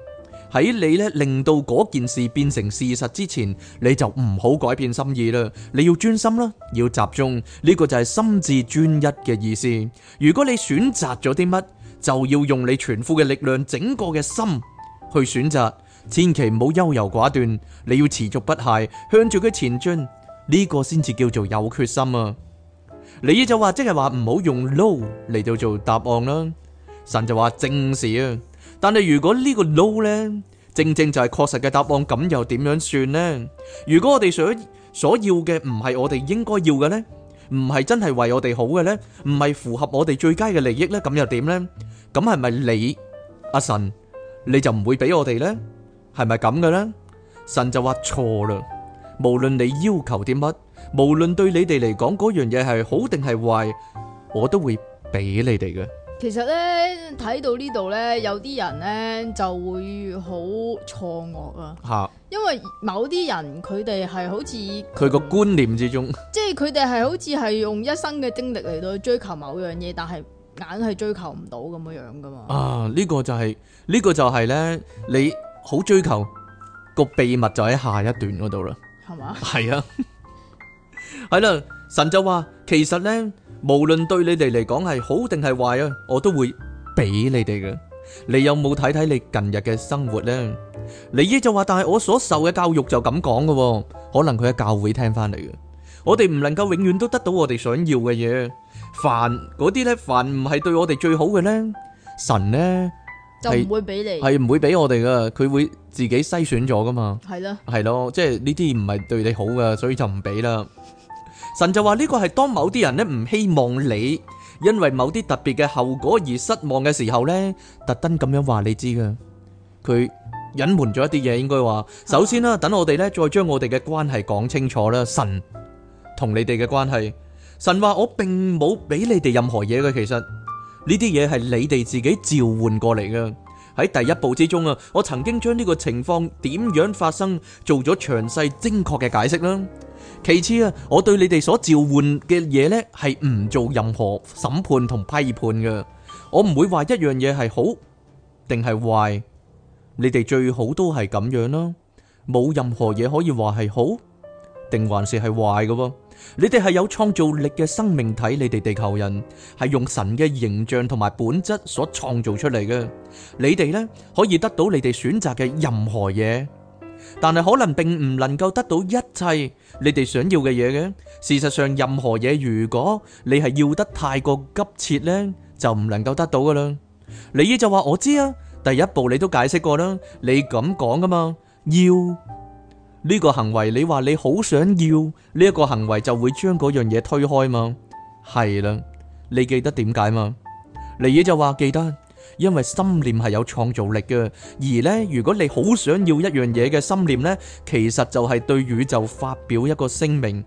喺你咧令到嗰件事變成事實之前，你就唔好改變心意啦。你要專心啦，要集中，呢個就係心智專一嘅意思。如果你選擇咗啲乜，就要用你全副嘅力量，整個嘅心去選擇，千祈唔好優柔寡斷。你要持續不懈，向住佢前進，呢個先至叫做有決心啊。你就話即係話唔好用 low 嚟到做答案啦。神就話正事啊。但係如果呢個 no 呢，正正就係確實嘅答案，咁又點樣算呢？如果我哋所所要嘅唔係我哋應該要嘅呢？唔係真係為我哋好嘅呢？唔係符合我哋最佳嘅利益呢？咁又點呢？咁係咪你阿神你就唔會俾我哋呢？係咪咁嘅呢？神就話，錯啦，無論你要求啲乜，無論對你哋嚟講嗰樣嘢係好定係壞，我都會俾你哋嘅。其實咧睇到呢度咧，有啲人咧就會好錯愕啊，因為某啲人佢哋係好似佢個觀念之中，即係佢哋係好似係用一生嘅精力嚟到追求某樣嘢，但係硬係追求唔到咁樣樣噶嘛。啊，呢、這個就係、是、呢、這個就係咧，你好追求、那個秘密就喺下一段嗰度啦，係嘛嗎？係是啊，係 啦， 神就話其實咧。無論對你哋嚟講係好定係壞啊，我都會俾你哋嘅。你有冇睇睇你近日嘅生活咧？你姨就話，但係我所受嘅教育就咁講嘅，可能佢喺教會聽翻嚟嘅。我哋唔能夠永遠都得到我哋想要嘅嘢。凡嗰啲咧，凡唔係對我哋最好嘅咧，神咧就唔會俾你，係唔會俾我哋嘅。佢會自己篩選咗噶嘛？係咯，係咯，即係呢啲唔係對你好嘅，所以就唔俾啦。神就話呢個係當某啲人呢唔希望你，因為某啲特別嘅後果而失望嘅時候呢，特登咁樣話你知噶。佢隱瞞咗一啲嘢，應該話首先啦，等我哋呢再將我哋嘅關係講清楚啦。神同你哋嘅關係，神話我並冇俾你哋任何嘢嘅，其實呢啲嘢係你哋自己召喚過嚟噶。喺第一步之中啊，我曾經將呢個情況點樣發生做咗詳細精確嘅解釋啦。其次啊，我對你哋所召喚嘅嘢呢係唔做任何審判同批判嘅，我唔會話一樣嘢係好定係壞，你哋最好都係咁樣囉，冇任何嘢可以話係好定還是係壞嘅噃。你哋係有創造力嘅生命體，你哋地球人係用神嘅形象同埋本質所創造出嚟嘅。你哋呢可以得到你哋選擇嘅任何嘢，但係可能並唔能夠得到一切你哋想要嘅嘢嘅。事實上，任何嘢如果你係要得太過急切呢，就唔能夠得到噶啦。你呢就話我知啊，第一步你都解釋過啦，你咁講噶嘛，要。呢個行為，你話你好想要呢一個行為，就會將嗰樣嘢推開嘛。係啦，你記得點解嘛？尼爾就話記得，因為心念係有創造力嘅。而呢，如果你好想要一樣嘢嘅心念呢，其實就係對宇宙發表一個聲明，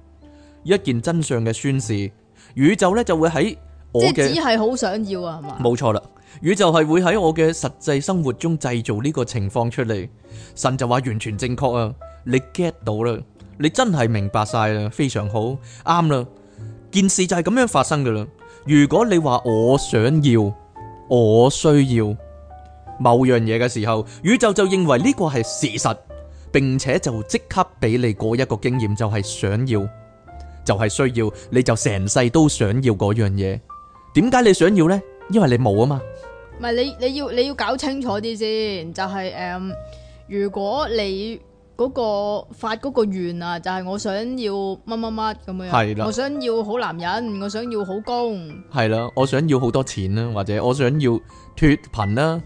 一件真相嘅宣示。宇宙呢就會喺我嘅只係好想要啊，係嘛？冇錯啦，宇宙係會喺我嘅實際生活中製造呢個情況出嚟。神就話完全正確啊！你 get 到啦，你真係明白晒啦，非常好，啱啦。件事就係咁樣發生噶啦。如果你話我想要，我需要某樣嘢嘅時候，宇宙就認為呢個係事實，並且就即刻俾你嗰一個經驗，就係想要，就係需要，你就成世都想要嗰樣嘢。點解你想要咧？因為你冇啊嘛。唔係你你要你要搞清楚啲先，就係誒，如果你。嗰個發嗰個願啊，就係我想要乜乜乜咁樣，係啦，我想要好男人，我想要好工，係啦，我想要好多錢啦，或者我想要脫貧啦。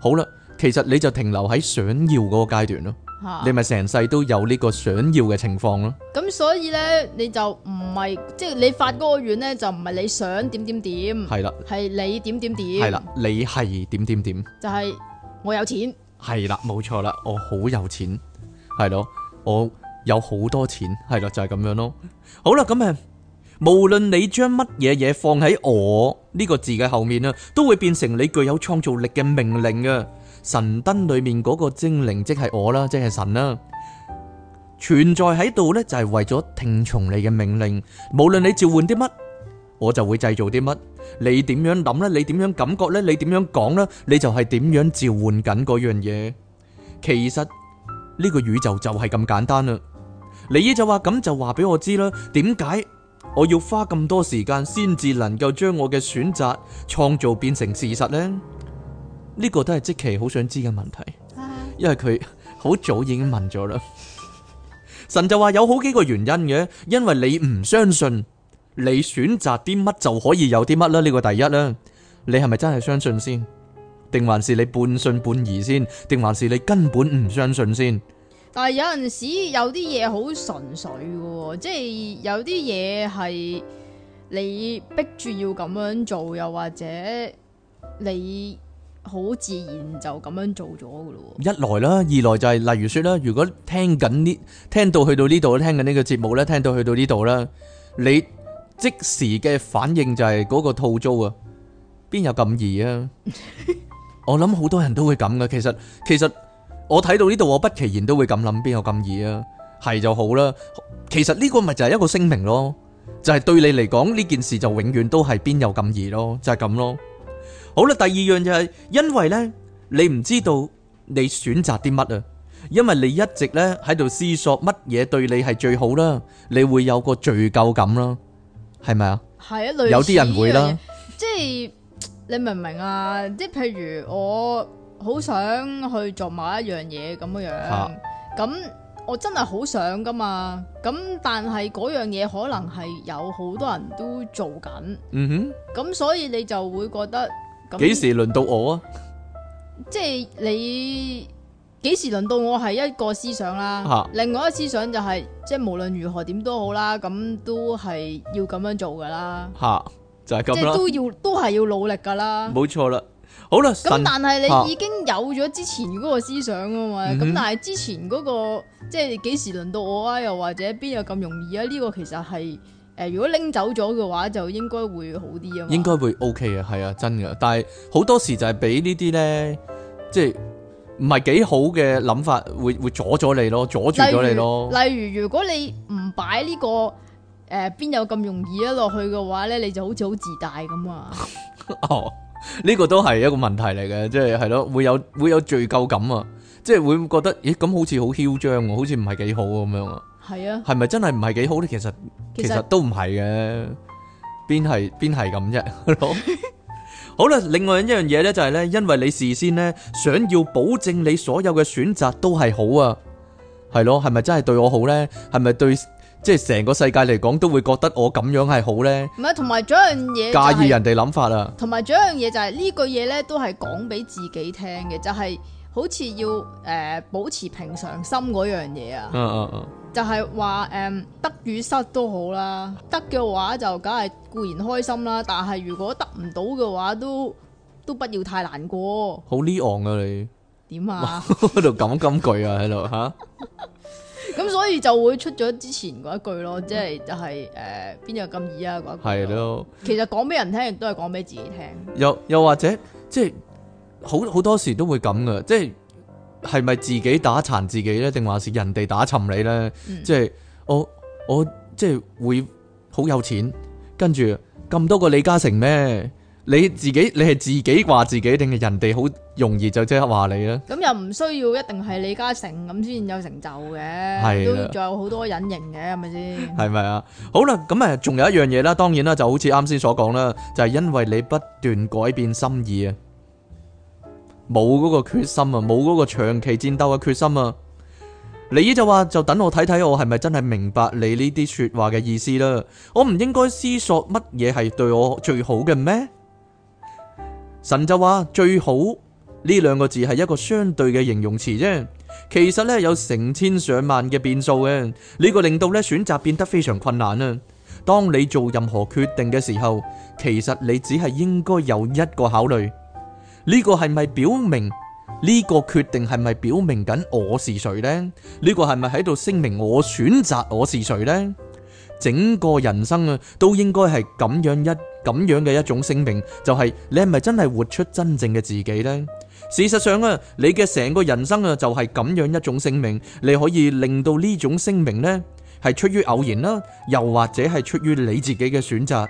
好啦，其實你就停留喺想要嗰個階段咯，啊，你咪成世都有呢個想要嘅情況咯。咁所以呢，你就唔係即係你發嗰個願呢，就唔係你想點點點，係啦，係你點點點，係啦，你係點點點，就係我有錢，係啦，冇錯啦，我好有錢。係咯，我有好多錢，係啦，就係咁樣咯。好啦，咁啊，無論你將乜嘢嘢放喺我呢個字嘅後面啊，都會變成你具有創造力嘅命令啊。神燈裏面嗰個精靈即係我啦，即係神啦，存在喺度呢就係為咗聽從你嘅命令。無論你召喚啲乜，我就會製造啲乜。你點樣諗呢？你點樣感覺呢？你點樣講呢？你就係點樣召喚緊嗰樣嘢。其實。呢個宇宙就係咁簡單啦。李姨就話咁就話俾我知啦。點解我要花咁多時間先至能夠將我嘅選擇創造變成事實呢？呢個都係即期好想知嘅問題，因為佢好早已經問咗啦。 神就話有好幾個原因嘅，因為你唔相信，你選擇啲乜就可以有啲乜啦。呢個第一啦，你係咪真係相信先？定還是你半信半疑先？定還是你根本唔相信先？但係有陣時有啲嘢好純粹嘅，即係有啲嘢係你逼住要咁樣做，又或者你好自然就咁樣做咗噶咯。一來啦，二來就係例如說啦，如果聽緊呢聽到去到呢度，聽緊呢個節目咧，聽到去到呢度啦，你即時嘅反應就係嗰個套租啊，邊有咁易啊？我諗好多人都會咁㗎，其實其實我睇到呢度我不其然都會咁諗，邊有咁易啊？係就好啦。其實呢個咪就係一個聲明咯，就係對你嚟講，呢件事就永遠都係邊有咁易咯，就係咁咯。好啦，第二樣就係因為呢，你唔知道你選擇啲乜啊，因為你一直呢喺度思索乜嘢對你係最好啦，你會有個罪疚感囉，係咪啊？係啊，類似有啲人會啦，即係。你明唔明啊？即係譬如我好想去做某一樣嘢咁樣樣，咁我真係好想噶嘛。咁但係嗰樣嘢可能係有好多人都做緊，嗯哼。咁所以你就會覺得咁幾時輪到我啊？即係你幾時輪到我係一個思想啦？吓，另外一個思想就係即係無論如何點都好啦，咁都係要咁樣做噶啦。吓。就係咁，即係都要，都係要努力噶啦。冇錯啦，好啦。咁但係你已經有咗之前嗰個思想啊嘛，咁、嗯、哼但係之前嗰、嗰個，即係幾時輪到我啊？又或者邊有咁容易啊？呢、呢個其實係誒、呃，如果拎走咗嘅話，就應該會好啲啊。應該會 OK 啊，係啊，真噶。但係好多時就係俾呢啲咧，即係唔係幾好嘅諗法，會會阻咗你咯，阻住咗你咯。例如，例如，如果你唔擺呢個。誒，邊有咁容易一落去嘅話咧，你就好似好自大咁啊！哦，呢個都係一個問題嚟嘅，即係係咯，會有會有罪疚感啊，即係會覺得，咦，咁好似好囂張，好似唔係幾好咁樣啊！係啊，係咪真係唔係幾好咧？其實其實都唔係嘅，邊係邊係咁啫，好啦，另外一樣嘢咧就係咧，因為你事先咧想要保證你所有嘅選擇都係好啊，係咯，係咪真係對我好咧？係咪對？即係成個世界嚟講，都會覺得我咁樣係好呢？唔係，同埋仲有一樣嘢介意人哋諗法啊。同埋仲有一樣嘢就係呢句嘢呢，都係講俾自己聽嘅，就係好似要誒保持平常心嗰樣嘢啊。嗯嗯嗯。就係話誒得與失都好啦，得嘅話就梗係固然開心啦，但係如果得唔到嘅話，都都不要太難過。好呢昂啊你？點啊？喺度咁咁句啊喺度吓？咁所以就會出咗之前嗰一句咯，即係就係誒邊有咁易啊，嗰一句。係咯，的其實講俾人聽亦都係講俾自己聽。又又或者即係好好多時都會咁噶，即係係咪自己打殘自己咧，定話係人哋打沉你咧，嗯？即係我我即係會好有錢，跟住咁多個李嘉誠咩？你自己，你係自己話自己定係人哋好容易就即刻話你咧？咁又唔需要一定係李嘉誠咁先有成就嘅，都仲有好多隱形嘅，係咪先？係咪啊？好啦，咁、嗯、啊，仲有一樣嘢啦，當然啦，就好似啱先所講啦，就係、是、因為你不斷改變心意啊，冇嗰個決心啊，冇嗰個長期戰鬥嘅決心啊，你就話就等我睇睇我係咪真係明白你呢啲說話嘅意思啦。我唔應該思索乜嘢係對我最好嘅咩？神就話最好呢兩個字係一個相對嘅形容詞啫，其實咧有成千上萬嘅變數嘅，呢個令到咧選擇變得非常困難啊！當你做任何決定嘅時候，其實你只係應該有一個考慮，呢個係咪表明，呢個決定係咪表明緊我是誰呢？呢個係咪喺度聲明我選擇我是誰呢？整個人生啊，都應該係咁樣一咁樣嘅一種聲明。就係、是、你係咪真係活出真正嘅自己呢？事實上啊，你嘅成個人生啊，就係、是、咁樣一種聲明。你可以令到呢種聲明呢，係出於偶然啦、啊，又或者係出於你自己嘅選擇。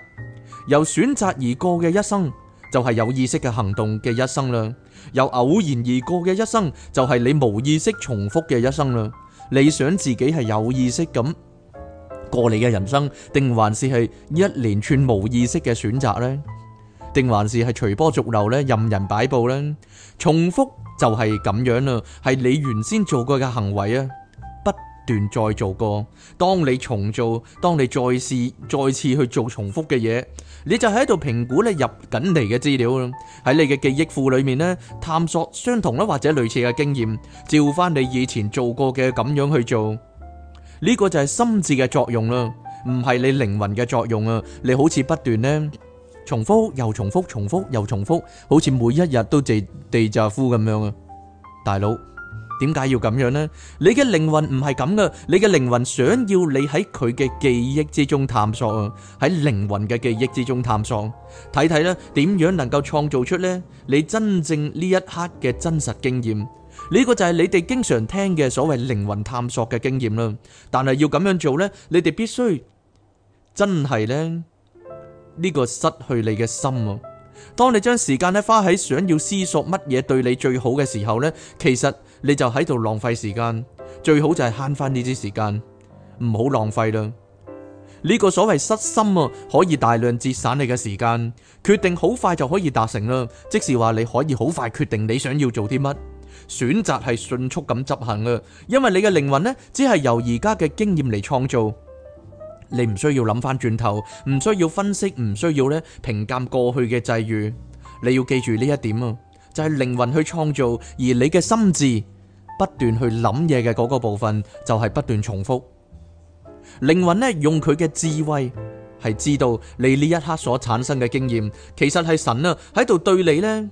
由選擇而過嘅一生，就係、是、有意識嘅行動嘅一生啦。由偶然而過嘅一生，就係、是、你無意識重複嘅一生啦。你想自己係有意識咁過你嘅人生，定還是係一連串無意識嘅選擇咧？定還是係隨波逐流咧，任人擺布咧？重複就係咁樣啦，係你原先做過嘅行為啊，不斷再做過。當你重做，當你再試，再次去做重複嘅嘢，你就喺度評估你入緊嚟嘅資料啦，喺你嘅記憶庫裏面咧，探索相同啦或者類似嘅經驗，照翻你以前做過嘅咁樣去做。呢個就係心智嘅作用啦，唔係你靈魂嘅作用啊！你好似不斷呢重複又重複，重複又重複，好似每一日都地地煞呼咁樣啊！大佬，點解要咁樣呢？你嘅靈魂唔係咁噶，你嘅靈魂想要你喺佢嘅記憶之中探索啊，喺靈魂嘅記憶之中探索，睇睇呢，點樣能夠創造出呢你真正呢一刻嘅真實經驗。呢個就係你哋經常聽嘅所謂靈魂探索嘅經驗啦。但係要咁樣做呢，你哋必須真係呢，呢個失去你嘅心啊。當你將時間咧花喺想要思索乜嘢對你最好嘅時候呢，其實你就喺度浪費時間。最好就係慳翻呢啲時間，唔好浪費啦。呢個所謂失心啊，可以大量節省你嘅時間，決定好快就可以達成啦。即是話你可以好快決定你想要做啲乜。選擇係迅速咁執行㗎，因為你嘅靈魂呢，只係由而家嘅經驗嚟創造，你唔需要諗翻轉頭，唔需要分析，唔需要咧評鑑過去嘅際遇。你要記住呢一點啊，就係靈魂去創造，而你嘅心智不斷去諗嘢嘅嗰個部分，就係不斷重複。靈魂呢，用佢嘅智慧係知道你呢一刻所產生嘅經驗，其實係神啊喺度對你呢，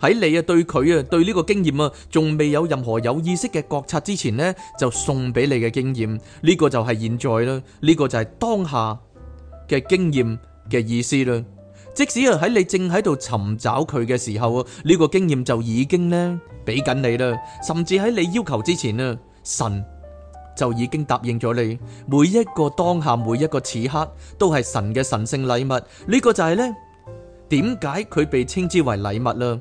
喺你啊，對佢啊，對呢個經驗啊，仲未有任何有意識嘅覺察之前咧，就送俾你嘅經驗，呢個就係現在啦，呢個就係當下嘅經驗嘅意思啦。即使啊喺你正喺度尋找佢嘅時候啊，呢個經驗就已經咧俾緊你啦，甚至喺你要求之前啊，神就已經答應咗你，每一個當下，每一個此刻都係神嘅神聖禮物。呢個就係咧，點解佢被稱之為禮物啦？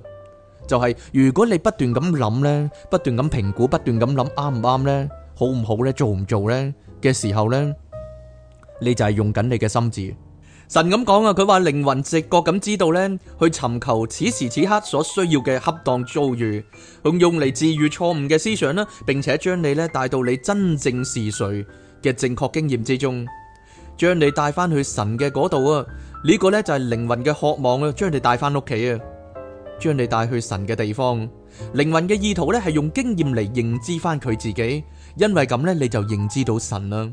就係如果你不斷咁諗咧，不斷咁評估，不斷咁諗啱唔啱咧，好唔好咧，做唔做咧嘅時候呢，你就係用緊你嘅心智。神咁講啊，佢話靈魂直覺咁知道呢，去尋求此時此刻所需要嘅恰當遭遇，用用嚟治愈錯誤嘅思想啦，並且將你咧帶到你真正是誰嘅正確經驗之中，將你帶翻去神嘅嗰度啊！呢個呢就係靈魂嘅渴望啊，將你帶翻屋企啊！將你帶去神嘅地方，靈魂嘅意圖咧係用經驗嚟認知翻佢自己，因為咁咧你就認知到神啦。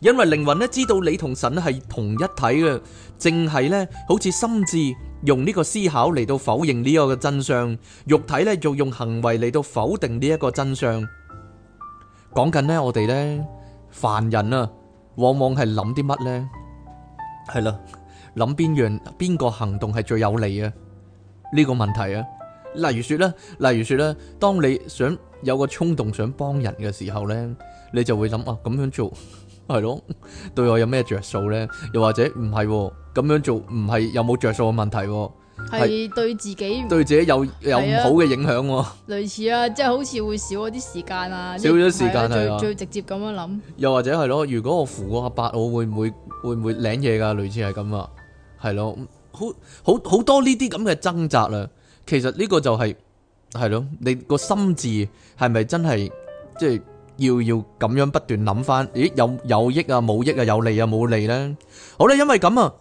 因為靈魂咧知道你同神係同一體嘅，淨係咧好似心智用呢個思考嚟到否認呢個嘅真相，肉體咧就用行為嚟到否定呢一個真相。講緊咧我哋咧凡人啊，往往係諗啲乜咧？係啦，諗邊樣邊個行動係最有利啊？呢個問題啊，例如說咧，例如說咧，當你想有個衝動想幫人嘅時候咧，你就會諗啊，咁樣做係咯， 對我有咩着數咧？又或者唔係咁樣做，唔係有冇着數嘅問題，哦？係對自己對自己有、啊、有唔好嘅影響，哦？類似啊，即係好似會少咗啲時間啊，少咗時間係 對啊，最，啊最直接咁樣諗。又或者係咯，如果我扶個阿伯，我會唔會會唔會領嘢噶？類似係咁啊，係咯。好好好多呢啲咁嘅掙扎啦，其實呢個就係，係咯，你個心智係咪真係即係要要咁樣不斷諗翻？咦，有有益啊，冇益啊，有利啊，冇利咧？好啦，因為咁啊，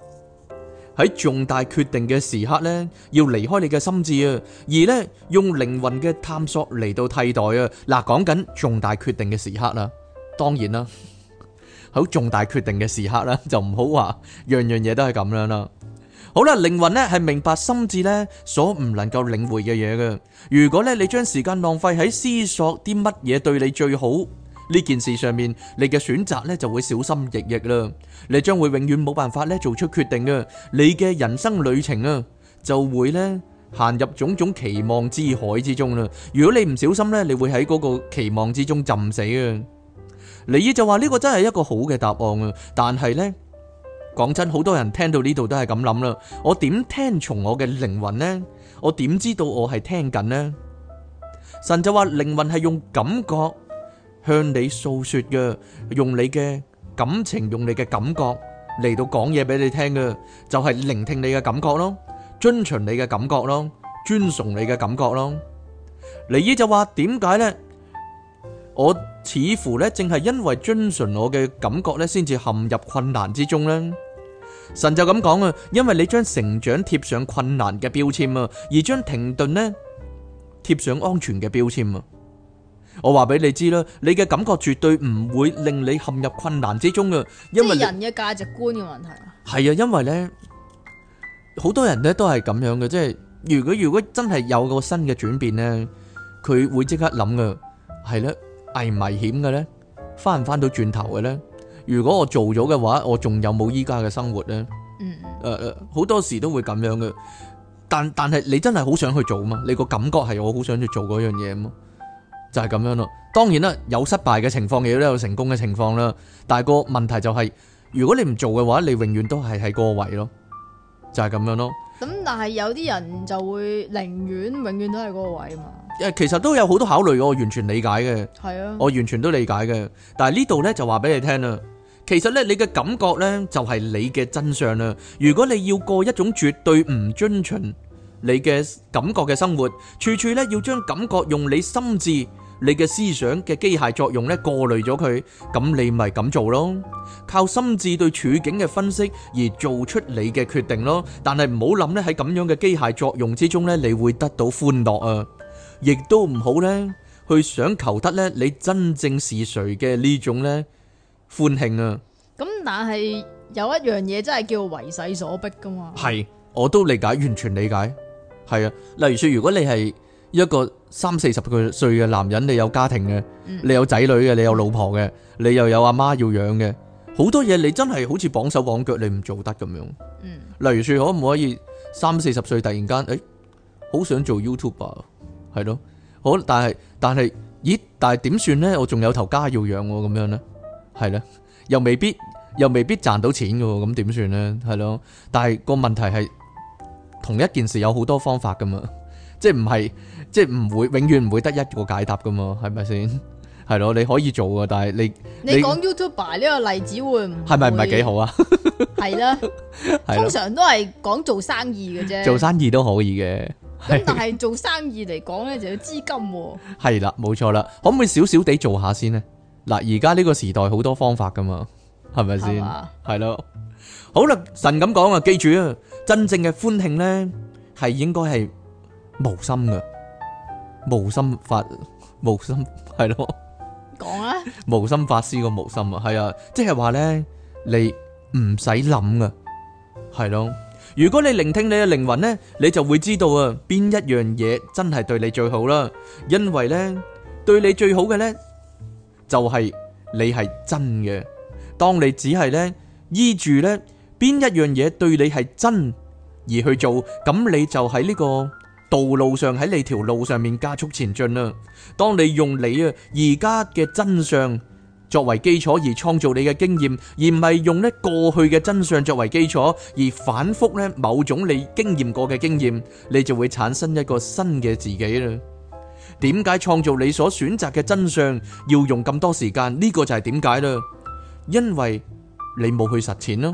喺重大決定嘅時刻咧，要離開你嘅心智啊，而咧用靈魂嘅探索嚟到替代啊。嗱，講緊重大決定嘅時刻啦，當然啦，喺 重大決定嘅時刻啦，就唔好話樣樣嘢都係咁樣啦。好啦，靈魂咧係明白心智咧所唔能夠領會嘅嘢嘅。如果咧你將時間浪費喺思索啲乜嘢對你最好呢件事上面，你嘅選擇咧就會小心翼翼啦。你將會永遠冇辦法咧做出決定嘅。你嘅人生旅程啊，就會咧陷入種種期望之海之中啦。如果你唔小心咧，你會喺嗰個期望之中浸死啊。李意就話呢個真係一個好嘅答案啊，但係咧。講真，好多人聽到呢度都係咁諗啦。我點聽從我嘅靈魂呢？我點知道我係聽緊呢？神就話靈魂係用感覺向你訴說嘅，用你嘅感情，用你嘅感覺嚟到講嘢俾你聽嘅，就係聆聽你嘅感覺咯，遵循你嘅感覺咯，尊崇你嘅感覺咯。尼爾就話點解呢？我似乎呢正係因為遵循我嘅感覺呢，先至陷入困難之中呢？神就咁講啊，因為你將成長貼上困難嘅標籤啊，而將停頓呢貼上安全嘅標籤啊。我話俾你知啦，你嘅感覺絕對唔會令你陷入困難之中啊，因為人嘅價值觀嘅問題啊。係啊，因為咧，好多人咧都係咁樣嘅，即係如果如果真係有個新嘅轉變咧，佢會即刻諗噶，係咧危唔危險嘅咧，翻唔翻到轉頭嘅咧。如果我做咗嘅話，我仲有冇依家嘅生活呢？嗯，誒誒、呃，好多時都會咁樣嘅。但但係你真係好想去做嘛？你個感覺係我好想去做嗰樣嘢嘛？就係、是、咁樣咯。當然啦，有失敗嘅情況，亦都有成功嘅情況啦。但係個問題就係、是，如果你唔做嘅話，你永遠都係喺嗰個位咯。就係、是、咁樣咯。咁但係有啲人就會寧願永遠都係嗰個位啊嘛。誒，其實都有好多考慮，我完全理解嘅。係啊。我完全都理解嘅。但係呢度呢，就話俾你聽啦。其實咧，你嘅感覺咧就係你嘅真相啦。如果你要過一種絕對唔遵循你嘅感覺嘅生活，處處咧要將感覺用你心智、你嘅思想嘅機械作用咧過濾咗佢，咁你咪咁做咯。靠心智對處境嘅分析而做出你嘅決定咯。但係唔好諗咧喺咁樣嘅機械作用之中咧，你會得到歡樂啊！亦都唔好咧去想求得咧你真正是誰嘅呢種咧。歡慶啊！咁但係有一樣嘢真係叫為勢所逼噶嘛？係，我都理解，完全理解。係啊，例如說，如果你係一個三四十歲嘅男人，你有家庭嘅，嗯、你有仔女嘅，你有老婆嘅，你又有阿媽要養嘅，好多嘢你真係好似綁手綁腳，你唔做得咁樣。嗯、例如說，可唔可以三四十歲突然間誒，好想做 YouTuber，係咯、啊？好，但係但係，咦？但係點算呢？我仲有頭家要養我、啊，咁樣呢？係啦，又未必又未必賺到錢噶，咁點算咧？係咯，但係個問題係同一件事有好多方法噶嘛，即係唔係即係唔會永遠唔會得一個解答噶嘛，係咪先？係咯，你可以做噶，但係你你講 YouTuber 呢個例子會係咪唔係幾好啊？係啦的， 的通常都係講做生意嘅啫，的做生意都可以嘅。咁但係做生意嚟講咧，就要資金喎。係 啦，冇錯啦，可唔可以少少地做下先咧？嗱，而家呢個時代好多方法噶嘛，係咪先？係咯，好啦，神咁講啊，記住啊，真正嘅歡慶咧，係應該係無心噶，無心法，無心，係咯，講啊，無心法師個無心啊，係啊，即係話咧，你唔使諗啊，係咯，如果你聆聽你嘅靈魂咧，你就會知道啊，邊一樣嘢真係對你最好啦，因為咧，對你最好嘅咧。就係你係真嘅，當你只係呢，依住呢，邊一樣嘢對你係真而去做，咁你就喺呢個道路上，喺你條路上面加速前進啦。當你用你啊而家嘅真相作為基礎而創造你嘅經驗，而唔係用呢過去嘅真相作為基礎而反覆呢某種你經驗過嘅經驗，你就會產生一個新嘅自己啦。點解創造你所選擇嘅真相要用咁多時間？呢個就係點解啦，因為你冇去實踐咯。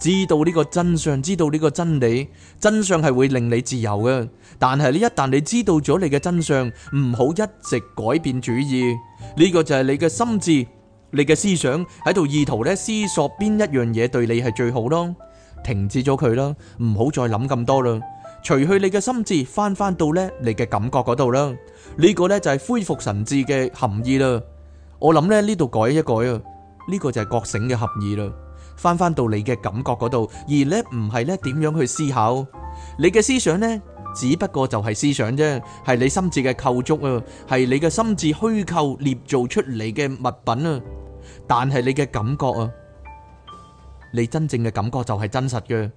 知道呢個真相，知道呢個真理，真相係會令你自由嘅。但係你一旦你知道咗你嘅真相，唔好一直改變主意。呢個就係你嘅心智，你嘅思想喺度意圖咧思索邊一樣嘢對你係最好咯。停止咗佢啦，唔好再諗咁多啦。除去你嘅心智，返返到呢你嘅感覺嗰度啦，呢、這個呢就係恢復神智嘅含義啦。我諗咧呢度改一改啊，呢、這個就係覺醒嘅含義啦。返返到你嘅感覺嗰度，而呢唔係呢點樣去思考，你嘅思想呢，只不過就係思想啫，係你心智嘅構築啊，係你嘅心智虛構捏造出嚟嘅物品啊，但係你嘅感覺啊，你真正嘅感覺就係真實嘅。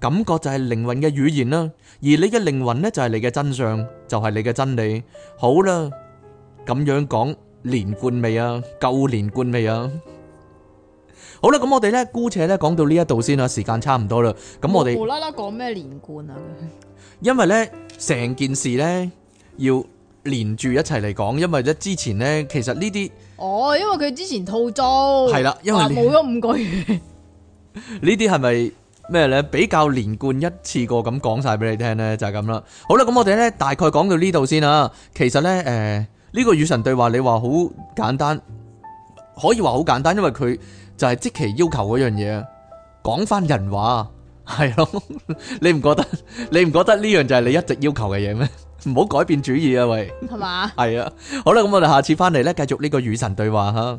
感覺就係靈魂嘅語言啦，而你嘅靈魂呢就係你嘅真相，就係你嘅真理。好啦，咁樣講連貫未啊？夠連貫未啊？好啦，咁我哋呢姑且呢講到呢一度先啦，時間差唔多啦。咁我哋無啦啦講咩連貫啊？因為呢成件事呢要連住一齊嚟講，因為呢之前呢其實呢啲哦，因為佢之前套租係啦，因為冇咗五個月呢啲係咪？咩咧？比較連貫一次過咁講晒俾你聽咧，就係咁啦。好啦，咁我哋咧大概講到呢度先啊。其實咧，誒、呃、呢、呢個與神對話，你話好簡單，可以話好簡單，因為佢就係即期要求嗰樣嘢，講翻人話，係咯？你唔覺得？你唔覺得呢樣就係你一直要求嘅嘢咩？唔好改變主意啊，喂！係嘛吧？係啊。好啦，咁我哋下次翻嚟咧，繼續呢個與神對話嚇。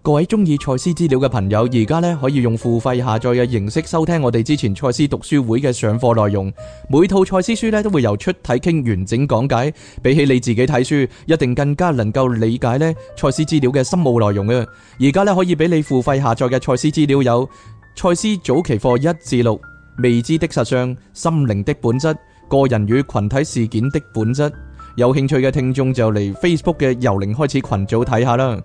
各位中意賽斯資料嘅朋友，而家咧可以用付費下載嘅形式收聽我哋之前賽斯讀書會嘅上課內容。每套賽斯書咧都會由出體傾完整講解，比起你自己睇書，一定更加能夠理解咧賽斯資料嘅深奧內容啊！而家咧可以俾你付費下載嘅賽斯資料有：賽斯早期課一至六、未知的實相、心靈的本質、個人與群體事件的本質。有興趣嘅聽眾就嚟 Facebook 嘅由零開始群組睇下啦。